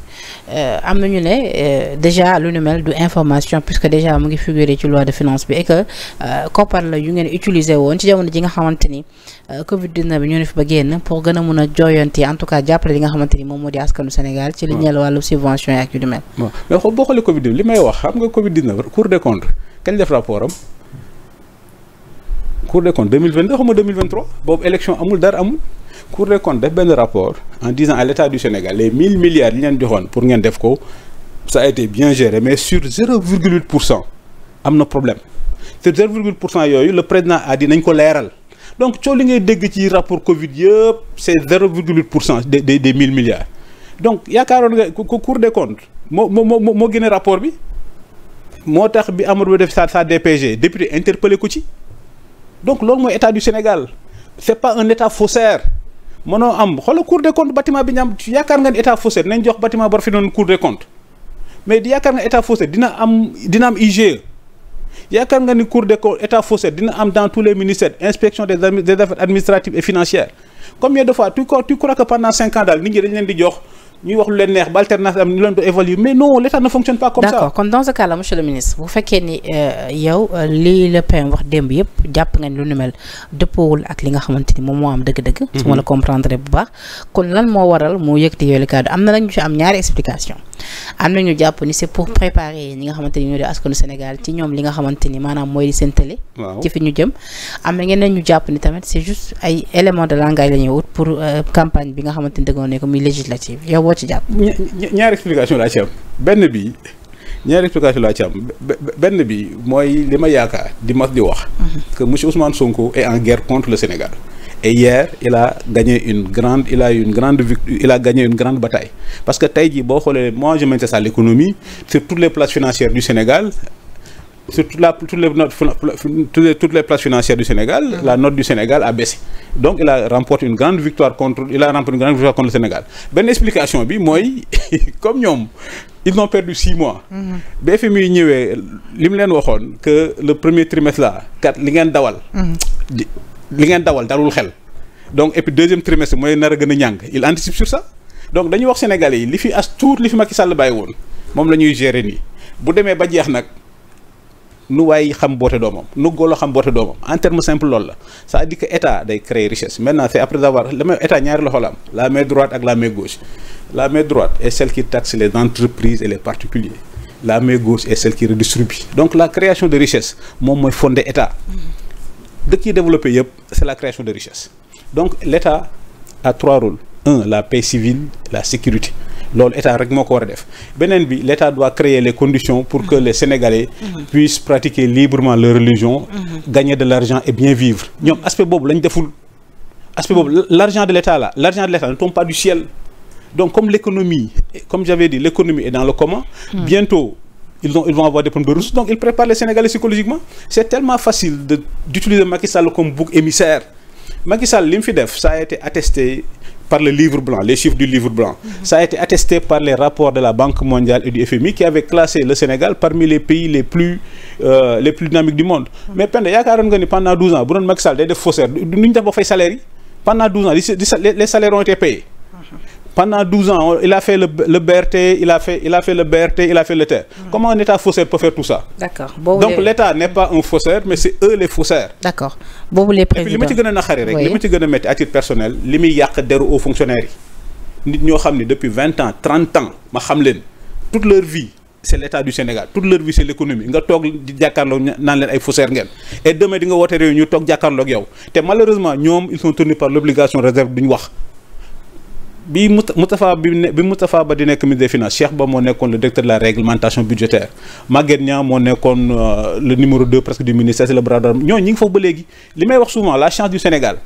[SPEAKER 1] Euh, am na ñu ne euh, déjà lu nu mel du information puisque déjà mu ngi figurer ci loi de finance bi et que euh, koppar la yu ngeen utiliser woon ci jamono ji nga xamante ni Covid 19 bi ñoo ne fi ba génn pour gën a mun a jooyante en tout cas jàppale li nga xamante ni moom moo di askanu Sénégal. ci li ñeel wàllu subvention yi ak yu du mel.
[SPEAKER 2] waaw mais xool boo xoolee Covid li may wax xam nga Covid 19 Cour des comptes kañ def rapport am. Cour des comptes 2022 xam nga amul dara amul. Cour des comptes def benn rapport en disant à l'état du Sénégal les mille milliards yi leen joxoon pour ngeen def ko ça a été bien géré mais sur zéro virgule huit pour cent am na problème sur zéro virgule huit pour cent yooyu le président a dit nañ ko leeral donc coow li ngay dégg ci rapport Covid yëpp c'est zéro virgule huit pour cent des de des mille milliards donc yaakaaroon nga Cour des comptes moo moo moo moo génne rapport bi moo tax bi Amadou Ba def sa sa DPG député interpellé ko ci donc loolu mooy état Sénégal c'est pas un état faussaire. mënoo am xoola cour des comptes bâtiment bi ñu am yaakaar nga ne état fossé nañ jox bâtiment ba fi noonu cour des mais di yaakaar nga état fossé dina am dina am IGE yaakaar nga ni cour des comptes état fossé dina am dans tous les ministères inspection des des et financières combien de fois tu crois pendant cinq ans daal nit ñi dañ leen di jox. ñuy wax lu leen neex ba alternance am ñu ne fonctionne pas comme
[SPEAKER 1] ça. monsieur le ministre bu fekkee ni euh, yow euh, lii Le Pen wax démb yëpp jàpp nga ni lu nu mel dëppoowul ak li nga xamante ni moom moo am dëgg-dëgg. Mhm. su ma la comprendre bu baax. kon lan moo waral moo yëkkati yooyu la am na nag ñu ci am ñaari explication am na ñu jàpp ni c' est pour préparer ñi nga xamante ni ñoo di askanu Sénégal ci ñoom li nga xamante ni maanaam mooy di seen télé. ci fi ñu jëm am na ñeneen ñu jàpp ni tamit c' est juste ay éléments de langage la ñuy wut pour euh, campagne bi nga xamante dëggoon ne ko muy législative moo ci jàpp.
[SPEAKER 2] ñaari explication laa ci benn bi ñaari explication laa ci benn bi mooy li ma yaakaar di ma di wax. Mm-hmm. que monsieur Ousmane Sonko est en guerre contre le Sénégal. et hier il a gagné une grande il a une grande il a gagné une grande bataille parce que tey jii boo xoolee moi je m'intéresse à l'économie sur toutes les places financières du Sénégal sur toute la, toutes, les, toutes, les, places financières du Sénégal, mm-hmm. la note du Sénégal a baissé. Donc, il a remporté une grande victoire contre, il a remporté une grande victoire contre le Sénégal. Ben explication, bi, moi, comme nous, ils ont perdu six mois. Mm-hmm. BFMI ñëwé lim leen waxone que le premier trimestre la kat li ngeen dawal
[SPEAKER 3] mm-hmm.
[SPEAKER 2] li ngeen dawal dalul xel. Donc et puis deuxième trimestre moy nara gëna ñang. Il anticipe sur ça. Donc dañuy wax sénégalais yi li fi as tour li fi Macky Sall bayi won mom lañuy gérer ni. Bu démé ba jeex nak nu waay xam boote doomam nu golo xam boote doomam en terme simple loolu la c'est-à-dire que état day créer richesse maintenant c'est après avoir la may état ñaari loxo la am la main droite ak la main gauche la main droite est celle qui taxe les entreprises et les particuliers la main gauche est celle qui redistribue donc la création de richesse moom mooy fonder état dëkk yi développé yëpp c'est la création de richesse donc l'état a trois rôles la paix civile la sécurité loolu état rek moo ko war a def beneen bi l' état doit créer les conditions pour que mm-hmm. les sénégalais mm-hmm. puissent pratiquer librement leur religion mm-hmm. gagner de l' argent et bien vivre ñoom aspect boobu lañ deful aspect boobu l' de l' état là l' argent de l' état ne tombe pas du ciel donc comme l'économie comme j'avais dit l'économie est dans le commun bientôt ils vont avoir des de ressources donc ils préparent les sénégalais psychologiquement c'est tellement facile de d'utiliser Macky Sall comme bouc émissaire Macky li mu fi def ça a par le livre blanc, les chiffres du livre blanc. Ça a été attesté par les rapports de la Banque mondiale et du FMI qui avaient classé le Sénégal parmi les pays les plus euh, les plus dynamiques du monde. Mais Penda yaakaaroon nga ni pendant 12 ans bu doon Macky day def faussaire du ñu fay salaire yi pendant 12 ans les salaires ont payés. pendant 12 ans, il a fait le, le, BRT, il a fait, il a fait le BRT, il a fait le terre. Mmh. Comment un État faussaire peut faire tout ça
[SPEAKER 1] D'accord. Bon, Donc l'État
[SPEAKER 2] n'est pas un faussaire, mais c'est eux les faussaires.
[SPEAKER 1] D'accord. Bon, les présidents. Et puis, les gens
[SPEAKER 2] qui à titre personnel, les gens qui aux fonctionnaires, nous savons depuis 20 ans, 30 ans, toute leur vie, c'est l'État du Sénégal. Toute leur vie, c'est l'économie. Nga tok di jakarlo nan len nga woté réunion tok jakarlo ak yow. Té malheureusement ñom ils sont wax. bi Moustapha bi ne bi Moustapha Ba di nekk ministre des finances Cheikh Ba moo nekkoon le directeur de la réglementation budgétaire Maguette Niang moo nekkoon euh, le numéro 2 presque du ministère c'est le bras ñooñu ngi foofu ba léegi li may wax souvent la chance du Sénégal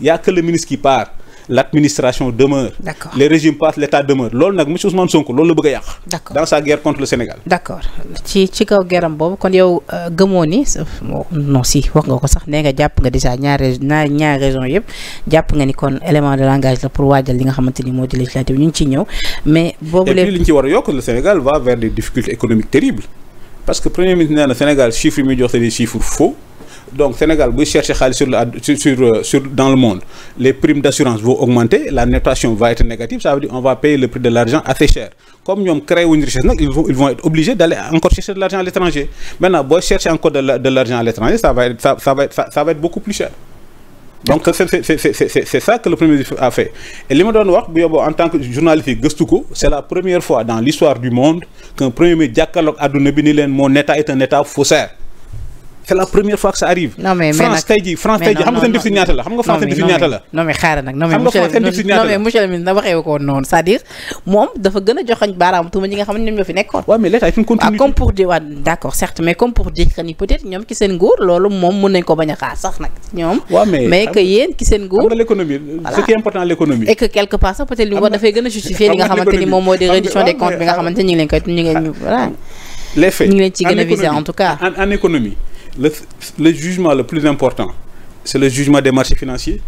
[SPEAKER 2] y a que le ministre ki part l'administration demeure. les régimes passent l'état demeure loolu nag monsieur Ousmane Sonko loolu la bëgg a yàq. dans sa guerre contre le Sénégal.
[SPEAKER 1] d'accord ci ci kaw geram boobu kon yow euh, gëmoo ni non si wax nga ko sax nee nga jàpp nga déjà ñaari ñaari raison yëpp jàpp nga ni kon élément de langage la pour waajal li nga xamante ni moo di législative ñu ngi ciy ñëw mais. et puis li
[SPEAKER 2] ñu ci war a yokk le Sénégal va vers des difficultés économiques terribles parce que premier donc Sénégal buy chercher xaalis sur la sur euh, sur dans le monde les primes d'assurance vont augmenter la notation va être négative ça veut dire on va payer le prix de l'argent assez cher comme ñoom créé wuñu richesse nag ils vont ils vont être obligés d'aller encore chercher de l'argent à l'étranger maintenant booy chercher encore de de l'argent à l'étranger ça va être beaucoup plus cher donc c'est c'est ça que le premier ministre a fait et li ma doon wax bu yóbboo en tant gëstu ko c'est fois dans l'histoire du monde qu'un premier ministre ni leen mon état est c' est la première fois que ça arrive.
[SPEAKER 1] non mais France tey jii France tey jii xam nga seen déficit ñaata la xam nga France seen déficit ñaata la. non mais xaaral nag non mais monsieur le ministre na waxee ko noonu c'est-à-dire moom dafa gën a joxoñ baaraam tuuma ñi nga xam ne ñoom ñoo fi nekkoon. waaw mais l'état ah, comme pour di waa d' accord certes mais comme pour dire que ni peut être ñoom ci seen nguur loolu moom mun nañ ko bañ a xaar sax nag ñoom. waaw mais que yéen ci seen nguur. xam nga l' économie ce qui est important l' économie. et que quelque part sax peut être li mu wax dafay gën a justifier li nga xamante ni moom moo di reddition des comptes bi nga xamante ni ñu ngi leen koy ñu ngi leen voilà. les faits ñu ngi leen ci gën a viser en tout cas
[SPEAKER 2] en économie le le jugement le plus important c'est le jugement des marchés financiers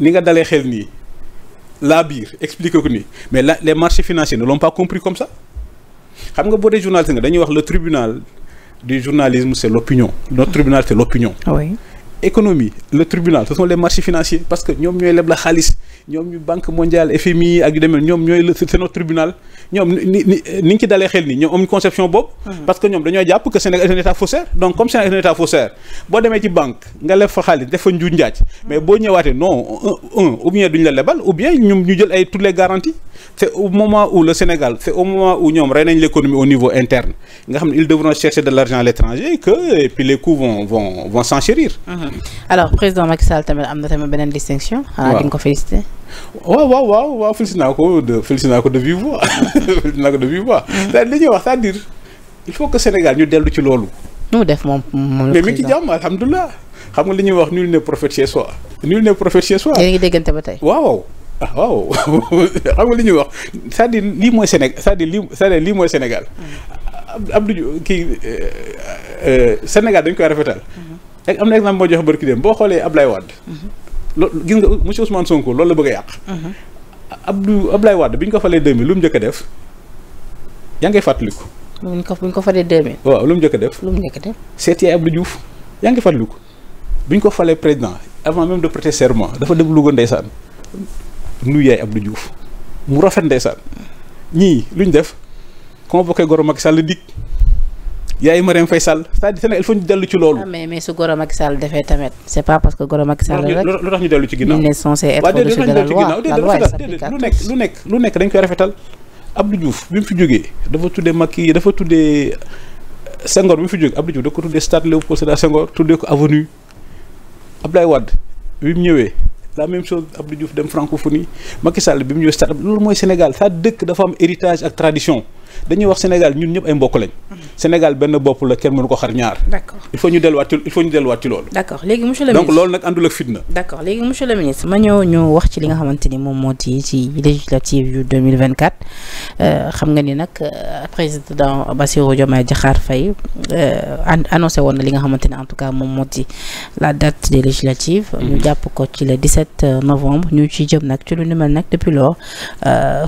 [SPEAKER 2] ni nga dalee xel nii laa biir expliqué ko nii mais la les marchés financiers ne l'ont pas compris comme ça xam nga boo dee journaliste nga dañuy wax le tribunal du journalisme c'est l'opinion notre tribunal c'est l'opinion ah oui. économie le tribunal ce sont les marchés financiers parce que ñoom ñooy leb la xaalis ñoom ñu banque mondiale FMI ak yu demee ñoom ñooy le c'est notre tribunal ñoom ni ni ni ñu ci dalee xel nii ñoom conception boobu. parce que ñoom dañoo jàpp que Sénégal est un état faussaire donc comme Sénégal est un état faussaire boo demee ci banque nga leb fa xaalis def fa njuuj njaaj. mais boo ñëwaatee non un ou bien duñu la lebal ou bien ñoom ñu jël ay toutes les garanties c'est au moment où le Sénégal c'est au moment où ñoom rey nañ l'économie au niveau interne nga xam ne ils devront chercher de l'argent
[SPEAKER 1] alors président Macky Sall tamit am na tamit beneen distinction. waaw
[SPEAKER 2] waaw waaw waaw ko de félicité naa ko de vive voix félicité ko de vive voix. Mm. daal li ñuy wax c'est-à-dire il faut que Sénégal ñu dellu ci loolu.
[SPEAKER 1] nu mu def moom moom mais mi ngi ci jàmm
[SPEAKER 2] alhamdulilah. xam nga li ñuy wax nul n'est prophète chez soi.
[SPEAKER 1] nul n'est prophète chez soi. yéen a ngi déggante ba tey.
[SPEAKER 2] waaw waaw ah, xam nga li ñuy wax cest à lii mooy Sénégal c'est-à-dire lii c'est-à-dire lii mooy Sénégal. Mm. Abdou kii euh, euh, Sénégal dañ ak am na exemple moo joxe barki dem boo xoolee Ablaye Wade. Mhm. loolu gis nga monsieur Ousmane Sonko loolu la bëgg a yàq. Mhm. Abdou Ablaye Wade bi ñu ko falee 2000 lu mu njëkk def yaa ngi fàttaliku.
[SPEAKER 1] bu ñu ko ko falee 2000.
[SPEAKER 2] waaw lu mu njëkk def. lu mu njëkk a def seet yaay Abdou Diouf yaa ngi koy fàttaliku bi ñu ko falee président avant même de prêter serment dafa dem Louga ndeysaan nuyu yaay Abdou juuf mu rafet ndeysaan ñii lu ñu def convoqué goro Macky Sall dikk. yaay Marième Faye
[SPEAKER 1] Sall c'est-à-dire Sénégal il faut ñu dellu ci loolu. Ah, mais mais su Goro Macky Sall defee tamit c'est pas parce que Goro Macky lu
[SPEAKER 2] tax ñu dellu ci ginnaaw ne
[SPEAKER 1] censé être au-dessus de la loi la loi est applicable
[SPEAKER 2] lu nekk lu nekk lu nekk dañ koy rafetal Abdou Diouf bi mu fi jógee dafa tuddee Macky dafa tuddee Senghor bi mu fi jógee Abdou Diouf da ko tuddee stade Léopold Sédar Senghor tuddee ko avenue Abdoulaye Wade bi mu ñëwee la même chose Abdou Diouf dem francophonie Macky Sall bi mu ñëwee stade loolu mooy Sénégal sa dëkk dafa am héritage ak tradition. dañuy wax Sénégal ñun ñëpp ay mbokk lañ. Sénégal benn bopp la kenn mënu ko xar ñaar. d'accord il faut ñu delluwaat ci il faut ñu delluwaat ci loolu.
[SPEAKER 1] d'accord léegi monsieur le ministre donc loolu
[SPEAKER 2] nag àndul ak fitna. d'accord
[SPEAKER 1] léegi monsieur le ministre. ma ñëw ñu wax ci li nga xamante ni moom moo di ci législative yu 2024 euh, xam nga ni nag euh, président Bassirou Diomaye Diakhar Faye euh, annoncé woon na li nga xamante ni en tout cas moom moo di la date des législatives. Mm-hmm. ñu jàpp ko ci le 17 novembre ñu ci jëm nag ci lu ni mel nag depuis lors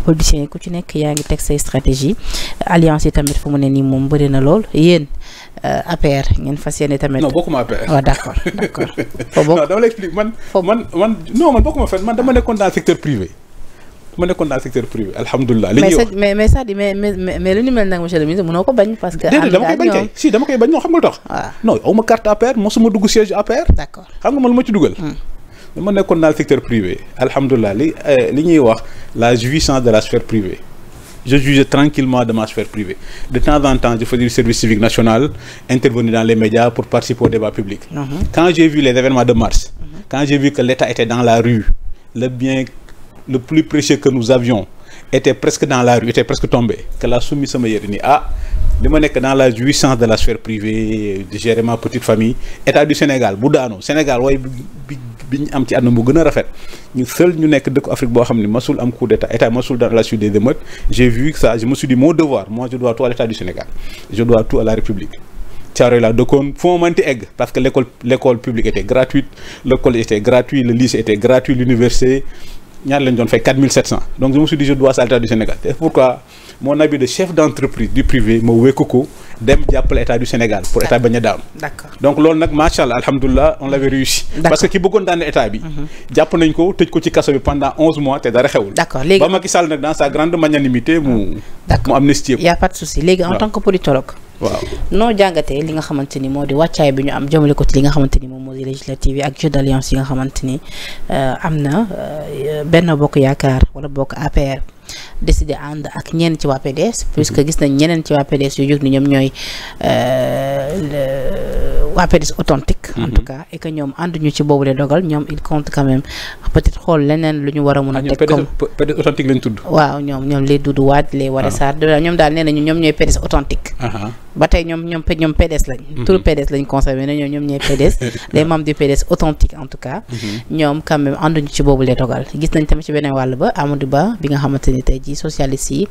[SPEAKER 1] politicien yi ku ci nekk yaa ngi teg say stratégie. alliance yi tamit fu mu ne nii moom bëri na lool yéen euh, APR ngeen fas yéene tamit. non
[SPEAKER 2] bokkuma APR waaw d' accord d' accord. foo dama la explique man. man man non man bokkuma fenn man dama nekkoon dans secteur privé. ma nekkoon dans secteur privé alhamdulilah. li ñuy wax
[SPEAKER 1] mais mais ça dit mais mais mais lu ni ko bañ. parce que déedéet dama koy bañ kay
[SPEAKER 2] si dama koy bañ ñoo xam nga lu tax. aw ma carte APR mosuma dugg siège APR. d' accord xam nga man lu ma ci dugal. Hmm. dama nekkoon dans secteur privé alhamdulilah li euh, li ñuy wax la jouissance de la sphère privée. je jugeais tranquillement de ma sphère privée de temps en temps je faisais du service civique national intervenir dans les médias pour participer au débat public mhm. quand j'ai vu les événements de mars mhm. quand j'ai vu que l'État était dans la rue le bien le plus précieux que nous avions était presque dans la rue était presque tombé que la soumise sama yére ah li ma nekk dans la jouissance de la sphère privée de gérer ma petite famille état du Sénégal bu daanoo Sénégal waaye bi bi ñu am ci àdduna mu gën a rafet ñu ñu nekk dëkku Afrique boo xam ne masul am coup d'état état masul dans la suite des émeutes j'ai vu ça je me suis dit mon devoir moi je dois tout à l'état du Sénégal je dois tout à la République Thiaroye laa dëkkoon fu ma egg parce que l'école publique était gratuite le collège était gratuit le lycée ñaar lañ doon fay 4700 donc je me suis dit je dois salter du Sénégal c'est pourquoi mon habit de chef d'entreprise du privé ma wékk ko dem jàppale état du Sénégal pour état bañ donc loolu nag macha allah alhamdulilah la l'avait réussi. parce que ki bëggoon daane état bi. Mhm. jàpp nañ ko tëj ko ci kaso bi pendant onze mois te dara xewul. ba Macky nag dans sa grande magnanimité mu. mu amnistie y
[SPEAKER 1] a pas léegi en tant que politologue. noo jàngatee li nga xamante ni moo di wàccaay bi ñu am jëmale ko ci li nga xamante ni moom moo di législative yi ak jeu d'alliance yi nga xamante euh, am na euh, benn bokk yaakaar wala bokk APR. décidé ànd ak ñenn ci waa PDS puisque gis nañ ñeneen ci waa PDS yu ni ñoom ñooy euh, waa PDS authentique en tout mhm. cas et ñoom ànduñu ci boobu de dogal ñoom il compte quand même peut-être xool leneen lu ñu war a mun a ah, teg comme PDS ah. mhm. authentique en tout cas mhm. ñoom quand même ànduñu ci boobu de dogal gis nañ tamit ci beneen wàll ba Amadou Ba bi nga xamante tey ji socialiste yi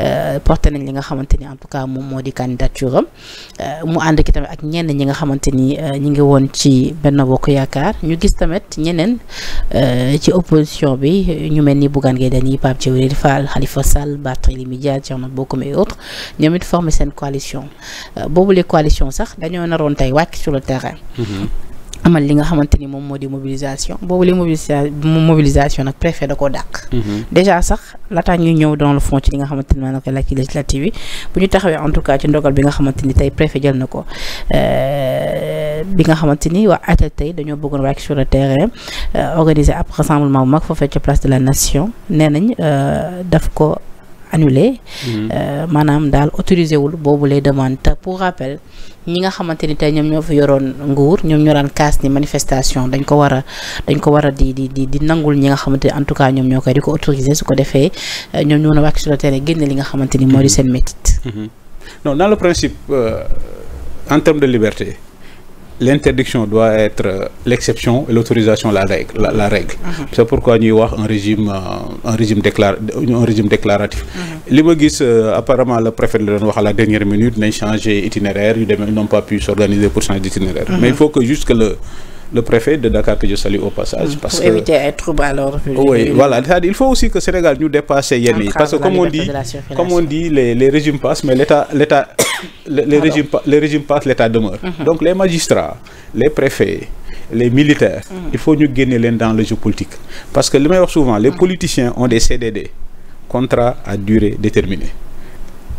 [SPEAKER 1] euh, porté nañ li nga xamante en tout cas moom moo di candidature euh, mu ànd ki tamit ak ñenn ñi nga xamante te nii ñu ngi woon ci Benno Bokk Yaakaar ñu gis tamit ñeneen euh, ci opposition bi ñu mel ni Bougane Gueye Dany Pape Djibril Fall Khalifa Sall Barthélémy Dias Thierno Bocoum et autres ñoom it formé seen coalition euh, boobule coalition sax dañoo naroon tey wàcc sur le terrain mm-hmm. amal li nga xamante ni moom moo di mobilisation boobu li mobilisation nag préfet da koo dàq. Mhm. déjà sax laataa ñuy ñëw dans le fond ci li nga xamante ni maa ngi koy laaj ci législative bi bu ñu taxawee en tout cas ci ndogal bi nga xamante ni tey préfet jël na ko euh, bi nga xamante ni waa ATEL tey dañoo bëggoon wàcc sur le terrain euh, organiser ab rassemblement bu mag foofee ci place de la nation nee nañ euh, daf ko. annulé. Mm-hmm. Euh, maanaam daal autorisé wul boobu lay demande te pour rappel ñi nga xamante ni tey ñoom ñoo fi yoroon nguur ñoom ñoo daan kaas ni manifestation dañ ko war a dañ ko war a di di di di nangul ñi nga xamante ni en tout cas ñoom ñoo koy di ko autorisé su ko defee euh, ñoom ñu mën a wàcc sur le génne li nga xamante ni moo di mm-hmm. seen métit. Mm-hmm.
[SPEAKER 2] non dans le principe euh, en termes de liberté. l'interdiction doit être euh, l'exception et l'autorisation la règle la, règle mhm. c'est pourquoi ñuy wax un régime euh, un régime déclaratif mhm. li ma gis euh, apparemment le préfet la doon wax à la dernière minute nañ changé itinéraire yu demee ils n'ont pas pu s'organiser pour changer d'itinéraire mhm. mais il faut que juste que le le préfet de Dakar que salue au passage. parce que éviter
[SPEAKER 1] ay troubles oui voilà
[SPEAKER 2] cest dire il faut aussi que Sénégal ñu dépassé yenn parce que comme on dit comme on dit les les régimes passent mais l'état l'état les les régimes les passent l'état demeure. Mhm. donc les magistrats les préfets. les militaires. Mhm. il faut ñu génne leen dans le jeu politique parce que li may wax souvent les mhm. politiciens ont des CDD contrat à durée déterminée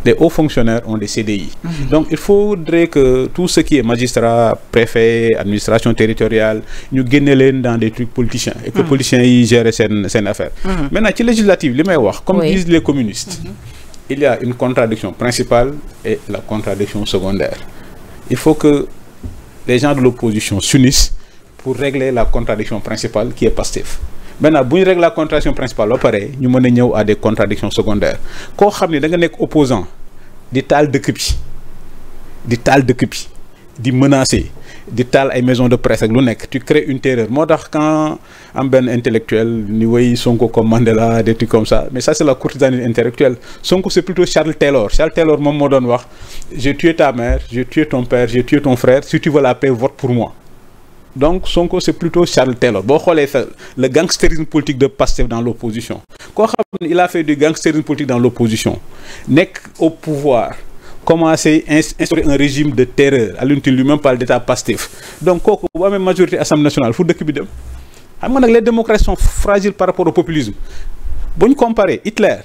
[SPEAKER 2] les hauts fonctionnaires ont des CDI. Mmh. Donc il faudrait que tout ce qui est magistrat, préfet, administration territoriale, ñu génne leen dans des trucs politiciens et que mmh. politiciens yi gérer seen seen affaire. Mhm. Maintenant ci législative li may wax comme oui. disent les communistes. Mhm. Il y a une contradiction principale et la contradiction secondaire. Il faut que les gens de l'opposition s'unissent pour régler la contradiction principale qui est Pastef. maintenant bu ñu régler la contradiction principale ba pare ñu mën a ñëw à des contradictions secondaires koo xam ni da nga nekk opposant di taal dëkk bi di taal dëkk bi di menacer di taal ay maison de presse ak lu nekk tu crées une terreur moo tax quand am benn intellectuel ni way Sonko comme Mandela des trucs comme ça mais ça c'est la courtisanie intellectuelle Sonko c'est plutôt Charles Taylor Charles Taylor moom moo doon wax j'ai tué ta mère j'ai tué ton père j'ai tué pour moi donc Sonko c'est plutôt Charles Taylor boo xoolee sa le gangstérisme politique de Pastef dans l'opposition koo xam ne il a fait du gangstérisme politique dans l'opposition nekk au pouvoir commencé instaurer un régime de terreur à l'unité lui-même par l'état Pastef donc kooku bu amee majorité assemblée nationale fu dëkk bi dem xam nga nag les démocraties sont fragiles par rapport au populisme bu ñu comparer Hitler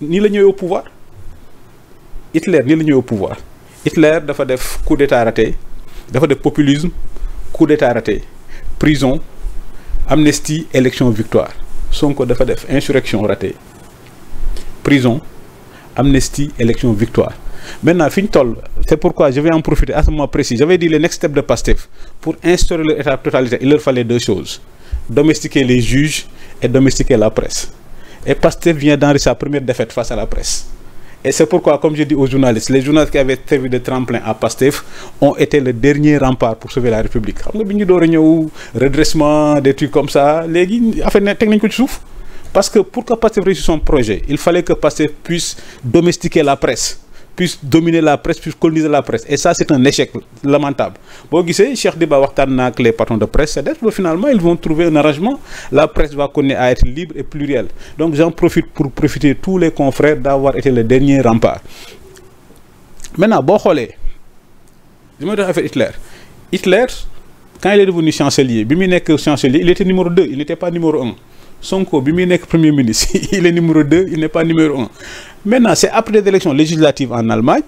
[SPEAKER 2] nii la ñëwee au pouvoir Hitler nii la ñëwee au pouvoir dafa def coup d'état dafa def populisme coup d'état raté prison amnistie élection victoire Sonko dafa def insurrection raté prison amnistie élection victoire maintenant fi ñu toll c'est pourquoi je vais en profiter à ce moment précis j'avais dit le next step de Pastef pour instaurer leur état totalitaire il leur fallait deux choses domestiquer les juges et domestiquer la presse et Pastef vient d'enregistrer sa première défaite face à la presse Et c'est pourquoi, comme je dis aux journalistes, les journalistes qui avaient servi de tremplin à PASTEF ont été le dernier rempart pour sauver la République. xam nga door a redressement des trucs comme ça léegi affaire ne teg nañ parce que pour que PASTEF réussisse son projet il fallait que PASTEF puisse domestiquer la presse. puisse dominer la presse puisse coloniser la presse et ça c'est un échec lamentable boo gisee Cheikh Diba waxtaan na ak les patrons de presse c'est-à-dire que finalement ils vont trouver un arrangement la presse va continuer à être libre et plurielle donc j'en profite pour profiter tous les confrères d'avoir été le dernier rempart maintenant boo xoolee li may def affaire Hitler Hitler quand il est devenu chancelier bi muy nekk chancelier il était numéro 2 il n'était pas Sonko bi muy nekk premier ministre il est numéro deux il n'est pas numéro un maintenant c'est après les élections législatives en Allemagne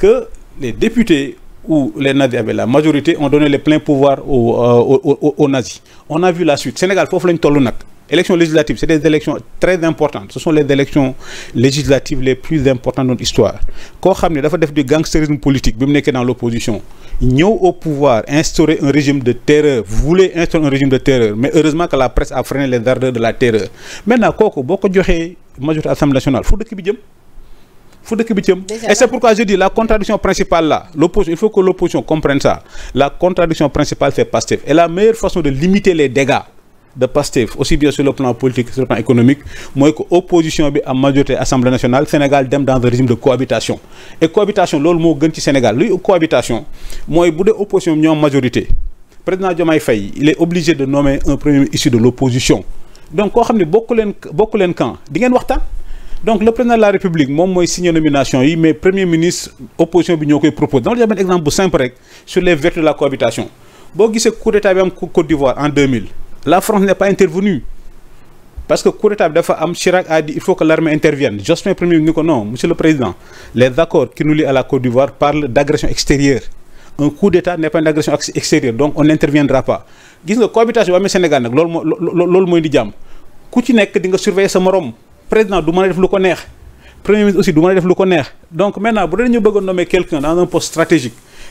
[SPEAKER 2] que les députés où les nazis avaient la majorité ont donné les pleins pouvoir aux, euh, nazis on a vu la suite Sénégal foofu lañ toll nag élections législatives c'est des élections très importantes ce sont les élections législatives les plus importantes de notre histoire koo xam ne dafa def du gangstérisme politique bi mu nekkee dans l'opposition ñëw au pouvoir instaurer un régime de terreur voulait instaurer un régime de terreur mais heureusement que la presse a freiné les ardeurs de la terreur maintenant kooku boo ko joxee majorité assemblée nationale fu dëkk bi jëm fu dëkk bi jëm et c'est pourquoi je dis la contradiction principale là l'opposition que l'opposition comprenne ça la de limiter les de Pastef aussi bien sur le plan politique que sur le plan économique mooy que opposition bi am majorité assemblée nationale Sénégal dem dans un régime de cohabitation et cohabitation loolu moo gën ci Sénégal luy cohabitation mooy bu dee opposition bi ñoo majorité président Diomaye Faye il est obligé de nommer un premier ministre issu de l'opposition donc koo xam ne bokku leen bokku leen camp di ngeen waxtaan donc le président de la république moom mooy signé nomination yi mais premier ministre opposition bi ñoo koy proposé dama la jox benn exemple bu gisee coup d'état bi am Côte la France n'est pas intervenue parce que coup d'état bi dafa am Chirac a dit il faut que l'armée intervienne Jospin premier ni ko non monsieur le président les accords qui nous lient à la Côte d'Ivoire parlent d'agression extérieure un coup d'état n'est pas une agression extérieure donc on n'interviendra pas gis nga cohabitation bi amee Sénégal nag loolu moo loolu mooy di jàmm ku ci nekk di nga surveiller sa morom président du mën a def lu ko nee premier ko neex donc maintenant bu dee ñu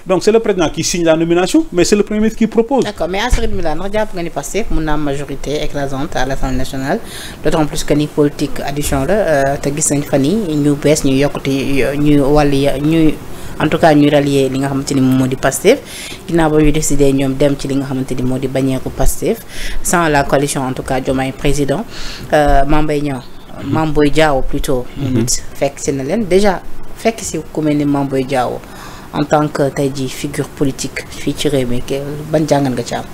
[SPEAKER 2] donc c' est le
[SPEAKER 1] président qui signe la nomination mais c' est le premier ministre propose. mais à ce rythme là ndax jàpp nga ni Pastef mun na majorité écrasante à l' assemblée nationale d' que ni politique addition la euh, te gis nañ fan yi ñu bees ñu yokkute ñu wàllu ñuy en tout cas ñu rallier li nga xamante ni moom moo di Pastef ginnaaw ba ñu décidé ñoom dem ci li nga xamante ni moo di bañeeku Pastef sans la coalition en tout cas Diomaye président euh, Mame Mbaye Niang Mame Boye Diao plutôt. moom mhm. fekk si na leen déjà fekk si ku mel ni Mame Boye en tant que tey jii figure politique fii ci réew mi ban jàngan nga ci am.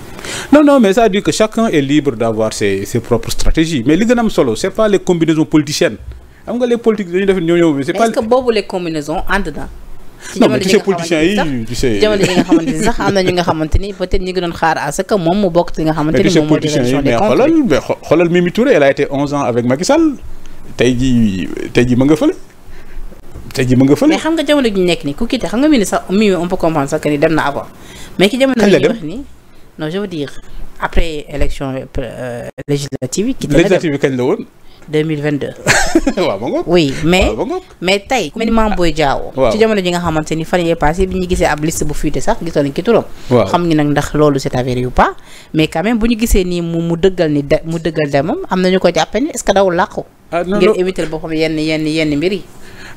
[SPEAKER 2] non non mais ça dire que chacun est libre d'avoir ses ses propres stratégies mais li gën a am solo c'est pas les combinaisons politiciennes
[SPEAKER 1] xam nga les politiques dañuy def ñoo ñëw. c'est que boobu les combinaisons ànd na. non mais ji nga xamante ni sax am na ñu nga xamante ni peut-être ñi ngi doon xaar à ce que moom mu bokk ci nga xamante moom moo di région des mais
[SPEAKER 2] xoolal Mimi Touré elle a été ma te ji ma nga fële. mais
[SPEAKER 1] xam nga jamono ji ñu nekk nii ku quitté xam nga mi ni sax mi on peut comprendre sax que ni dem na avant mais ki jamono ji ñu wax nii non euh, yi. nga xamante ni fan yee passé bi ñu gisee ab liste bu fuité sax gisoon nañ ki turam xam ñu nag ndax loolu c'est avéré ou pas mais quand même bu ñu gisee nii mu mu dëggal ni de mu dëggal demam am nañu ko jàppe ni est-ce que dawul làqu ah, ngir éviter boppam yenn yenn yenn mbir yi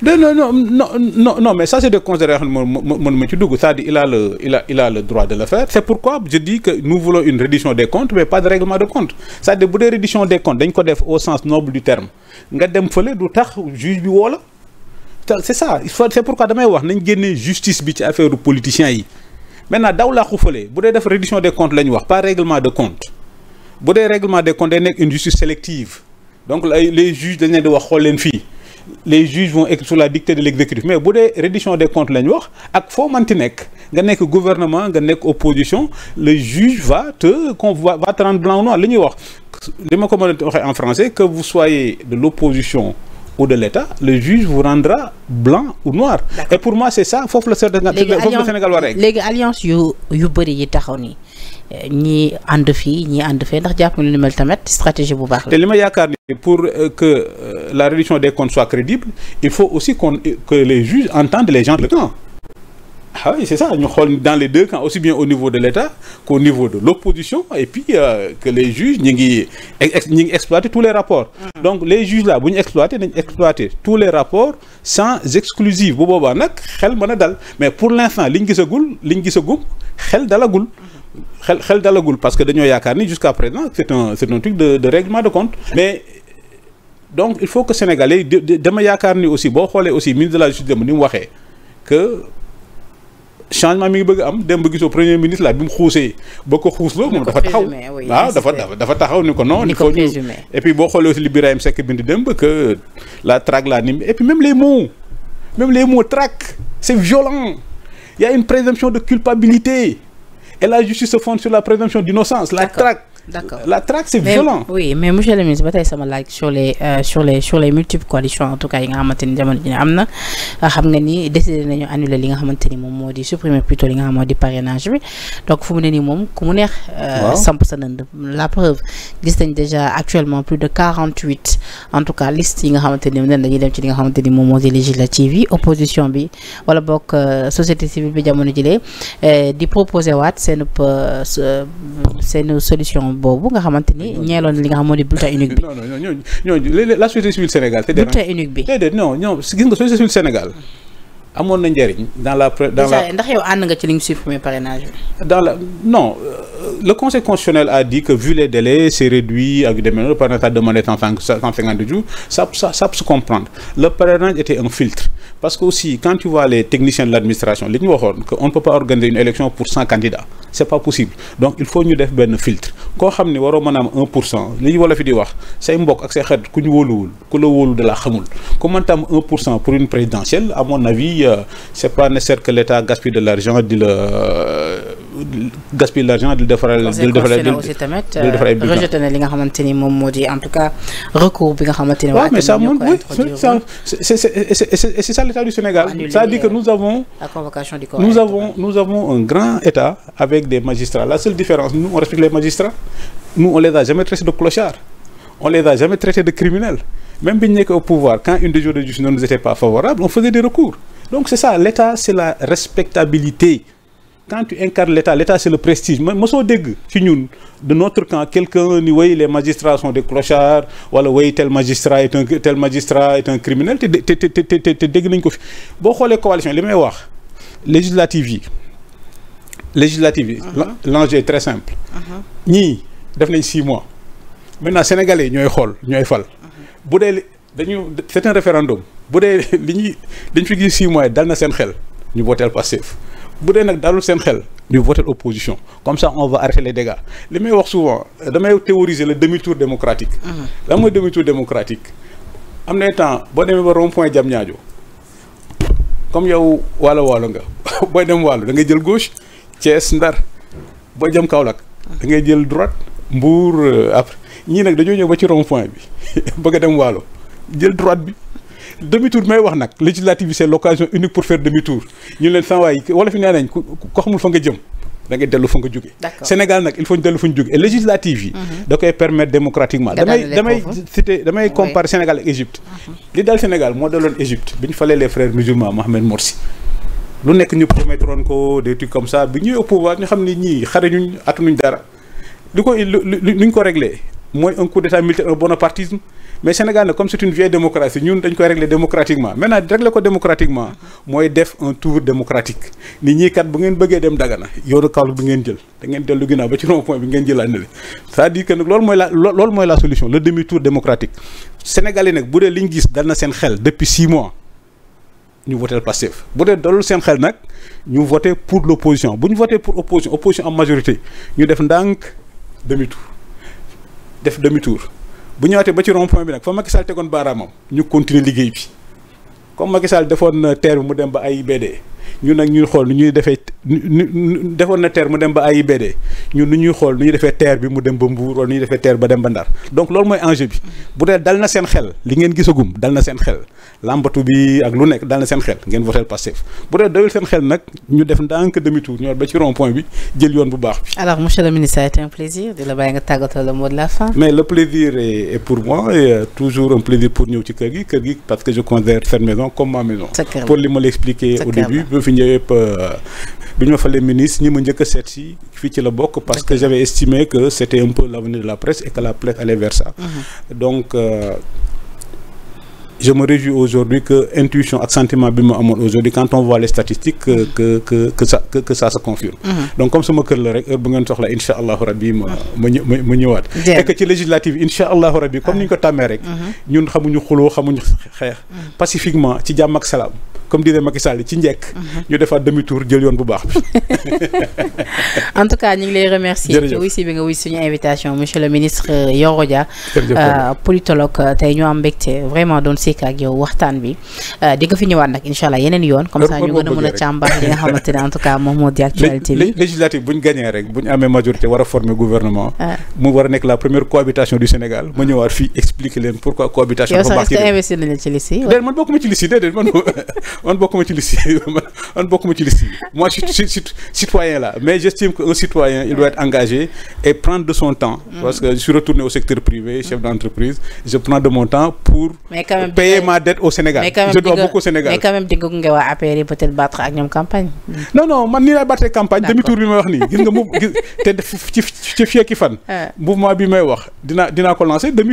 [SPEAKER 2] non no non non mais ça c'est des considérations mën ma ci dugg c'est-à-dire il a le il a il a le droit de le faire c'est pourquoi je dis que nous voulons une reddition des comptes mais pas de règlement de compte cest à bu dee reddition des comptes dañ ko def au sens noble du terme nga dem fële du tax juge bi woo la c'est ça il faut c'est pourquoi damay wax nañ génnee justice bi ci affaire politicien yi maintenant daw laa xufale bu dee def reddition des comptes la ñu wax pas règlement de compte bu dee règlement des comptes les juges wax xool leen fii les juges vont être sous la dictée de l'exécutif mais bu dee reddition des comptes la wax ak foo manti nekk nga nekk gouvernement nga nekk opposition le juge va te qu'on va va te rendre blanc li ñuy wax li ma ko mën a waxee en français que vous soyez de l'opposition ou de l'État le juge vous rendra blanc ou noir. et pour moi c'est ça foofu la Sénégal foofu la Sénégal war
[SPEAKER 1] léegi alliance yu yu bëri yi taxaw nii ñii ànd fii ñii ànd fee ndax jàpp na li mel tamit stratégie bu baax la. te
[SPEAKER 2] li ma yaakaar ni pour euh, que euh, la des comptes soit crédible il faut aussi qu'on que les juges entendent les gens de temps. Ah oui, c'est ça. Nous dans les deux camps, aussi bien au niveau de l'État qu'au niveau de l'opposition, et puis euh, que les juges n'ont exploité tous les rapports. Mm -hmm. Donc les juges là, ils exploité, exploité tous les rapports sans exclusive. Mais pour l'instant, parce que jusqu'à présent, c'est un, un truc de, de règlement de compte. Mais donc il faut que les Sénégalais, demain aussi, bon, aussi, ministre de la Justice, que changement mi ngi bëgg am dem ba gisoo premier ministre la bi mu xuusee ba ko xuusloo moom dafa taxaw waaw dafa dafa taxaw ni ko non il faut ñu et puis boo xoolee aussi li Birahim Seck bind dem ba que la traque la ni et puis même les mots même les mots traque c'est violent il y a une présomption de culpabilité et la justice se fonde sur la présomption d'innocence la traque d'accord la traque c'est violent.
[SPEAKER 1] oui mais monsieur le ministre ba tey sama laaj euh, sur les sur les multiples coalitions en tout cas yi nga xamante ni jamono ji ne am na ah, xam nga ni décidé nañu annuler li nga xamante ni moom moo di supprimer plutôt li nga xam moo di moom ku mu neex. Euh, samp sa gis nañ déjà actuellement plus de quarante huit en tout cas liste yi nga xamante ni nen dañuy dem ci li nga xamante ni moom moo di législative yi opposition bi wala bokk euh, société civile bi jamono jile eh, di proposer waat seen seen solution. boobu nga xamante ni ñeeloon li nga xam moo di bulletin unique bi.
[SPEAKER 2] non ñooñu la société civile Sénégal. te déedéet bi. déedéet gis nga société civile Sénégal. amoon na njëriñ dans la dans la
[SPEAKER 1] ndax yow ànd nga ci li ñu supprimer parrainage bi. dans la
[SPEAKER 2] non euh, le conseil constitutionnel a dit que vu les délais c'est réduit ak yu demee noonu parrainage a demandé cent cinquante jours ça ça ça peut se comprendre le parrainage était un filtre parce que aussi quand tu vois les techniciens de l'administration li ñu waxoon que on ne peut pas organiser une élection pour cent candidats c'est pas possible donc il faut ñu def benn filtre koo xam ni waroo mën a am un pour cent li ñu wala fi di wax say mbokk ak say xarit ku ñu wóoluwul ku la wóolu da la xamul ku mënta am un pour cent pour une présidentielle à mon avis. aussi euh, c' est pas nécessaire que l' état gaspille de l' argent di la euh, gaspille l' argent di defaral di defaral di aussi tamit la euh,
[SPEAKER 1] na li nga xamante ni moom moo di en tout cas recours bi nga
[SPEAKER 2] l'état du Sénégal c'est-à-dire que nous avons nous avons un grand état avec des magistrats la seule différence nous on respecte les magistrats nous on les a jamais traités de clochards on les a jamais traités de criminels même bi ñu au pouvoir quand une décision de justice ne donc c'est ça l'État c'est la respectabilité quand tu incarnes l'État l'État c'est le prestige ma mosoo dégg ci ñun de notre camp quelqu'un ni way les magistrats sont des clochards wala way tel magistrat est un tel magistrat est un criminel te dégg nañ ko fi boo xoolee coalition li may wax législative yi législative yi uh-huh. l'enjeu est très simple uh-huh. ñii def nañ six mois maintenant sénégalais yi ñooy xool ñooy fal uh-huh. bu dee dañu c'est un référendum bu dee li ñuy dañ fi gis six mois dal na seen xel ñu voteel Pastef bu dee nag dalul seen xel ñu voteel opposition comme ça on va arrêter les dégâts li may wax souvent damay théoriser le demi tour démocratique. Mmh. lan mooy demi tour démocratique. am na temps boo demee ba rond point jam ñaajo comme yow waalo waalo nga booy dem waalo da ngay jël gauche Thiès Ndar booy jëm Kaolack mmh. da ngay jël droite Mbour euh, après ñii nag dañoo ñëw ba ci rond point bi bëgg dem waalo jël droite bi. demi tour may wax nag législative bi c'est l'occasion unique pour faire demi tour ñu leen sans waay wala fi nee nañ ku ko xamul fa nga jëm da dellu fa nga jóge Sénégal nag il faut ñu dellu fa ñu jóge et yi mhm. da koy démocratiquement damay damay cité damay comparer Sénégal ak Égypte mhm. li daal Sénégal moo daloon Égypte bi ñu falee les frères musulmans Mohamed Morsi lu nekk ñu promettroon ko des trucs comme ça bi ñuy au pouvoir ñu xam ne ñii xarañuñ ko ñu ko réglé mooy un mais Sénégal nag comme c'est une vieille démocratie ñun dañ koy régler démocratiquement maintenant régler ko démocratiquement mooy def un tour démocratique nit ñi kat bu ngeen bëggee dem Dagana yoonu Kaolack bi ngeen jël da ngeen dellu ginnaaw ba ci rond point bi ngeen jëlaat ne c'est-à-dire que nag loolu mooy la loolu mooy la solution le demi tour démocratique Sénégalais nag bu dee li gis dal na seen xel depuis six mois ñu voté Pastef bu dee dalul seen xel nag ñu voté pour l'opposition bu ñu voté pour opposition opposition en majorité ñu def ndànk demi tour def demi bu ñëwaatee ba ci rond point bi nag fa Macky Sall tegoon baaraamam ñu continuer liggéey bi comme Macky Sall defoon terre bi mu dem ba ay BD. ñun nag ñuy xool nu ñuy defee defoon na terre mu dem ba AIBD ñun nu ñuy xool nu ñuy defee terre bi mu dem ba Mbour wala nu ñuy defee terre ba dem ba Ndar donc loolu mooy enjeu bi bu dee dal na seen xel li ngeen gisagum dal na seen xel làmbatu bi ak lu nekk dal na seen xel ngeen votel Pastef bu dee doyul seen xel nag ñu def ndànk demi tour ñor ba ci rond point bi jël yoon bu baax bi.
[SPEAKER 1] alors monsieur le ministre ça a plaisir di bàyyi nga tàggatoo le mot de la fin. mais
[SPEAKER 2] le plaisir est, est euh, gi kër gi parce que je bi ma fi ñëwee yëpp euh, bi ñu ma ministre ñi ma njëkk seet si fii ci la bokk parce que j'avais estimé que c'était un peu l'avenir de la presse et que la presse allait vers mhm. donc euh, je me réjouis aujourd'hui que intuition ak sentiment bi ma amoon aujourd'hui quand on voit les statistiques que que que que ça que, que ça se confirme. Mm -hmm. donc comme sama kër la rek heure bu ngeen soxla incha allahu rabbi ma ma ma ma ñëwaat. et que ci législative bi incha allahu rabbi comme ni ñu ko tàmmee rek. Mm-hmm. ñun xamuñu xuloo xamuñu xeex. Mm-hmm. pacifiquement ci jàmm ak salaam. comme dirait Macky Sall ci njëkk. Mm-hmm. ñu defaat demi tour jël yoon bu baax bi.
[SPEAKER 1] en tout cas ñu ngi lay remercier. ci wuy bi nga wuy suñu sekk yow waxtaan bi euh, di fi ñëwaat nag incha allah yeneen yoon comme ça ñu gën a mën a càmbar li nga xamante ne en tout cas moom moo di bi
[SPEAKER 2] législative bu ñu rek bu amee majorité war a former gouvernement euh. mu war a nekk la première cohabitation du Sénégal ma ñëwaat fii expliquer leen pourquoi cohabitation dafa baax yow sax
[SPEAKER 1] investir nañu ci liste yi
[SPEAKER 2] man bokkuma ci liste man man bokkuma ci liste yi man bokkuma ci liste yi moi je suis citoyen là mais payer ma demi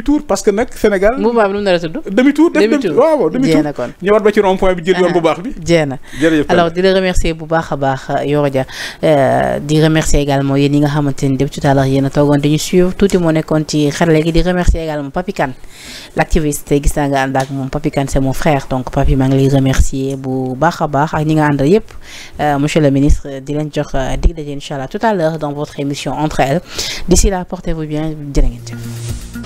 [SPEAKER 2] tour ah. parce que nag Sénégal. mouvement bi nu mu a tudd. demi tour demi tour waaw demi tour ñëwaat ba ci rond point bi jël bu ah, baax bi. jéem a alors
[SPEAKER 1] di bu baax a baax euh, Yoro Dia euh, di remercier également yéen ñi nga xamante ni depuis tout à l'heure yéen suivre tuuti moo nekkoon ci xarale gi di remercier également Papi Kane l'activiste gis naa nga ànd ak moom Papy Kane c'est mon frère donc Papy maa ngi lay remercier bu baax a baax ak ñi nga àndal yëpp euh, monsieur le ministre di leen jox euh, dig daje incha allah tout à l'heure dans votre émission entre elles d'ici là portez-vous bien jërë ngeen jëf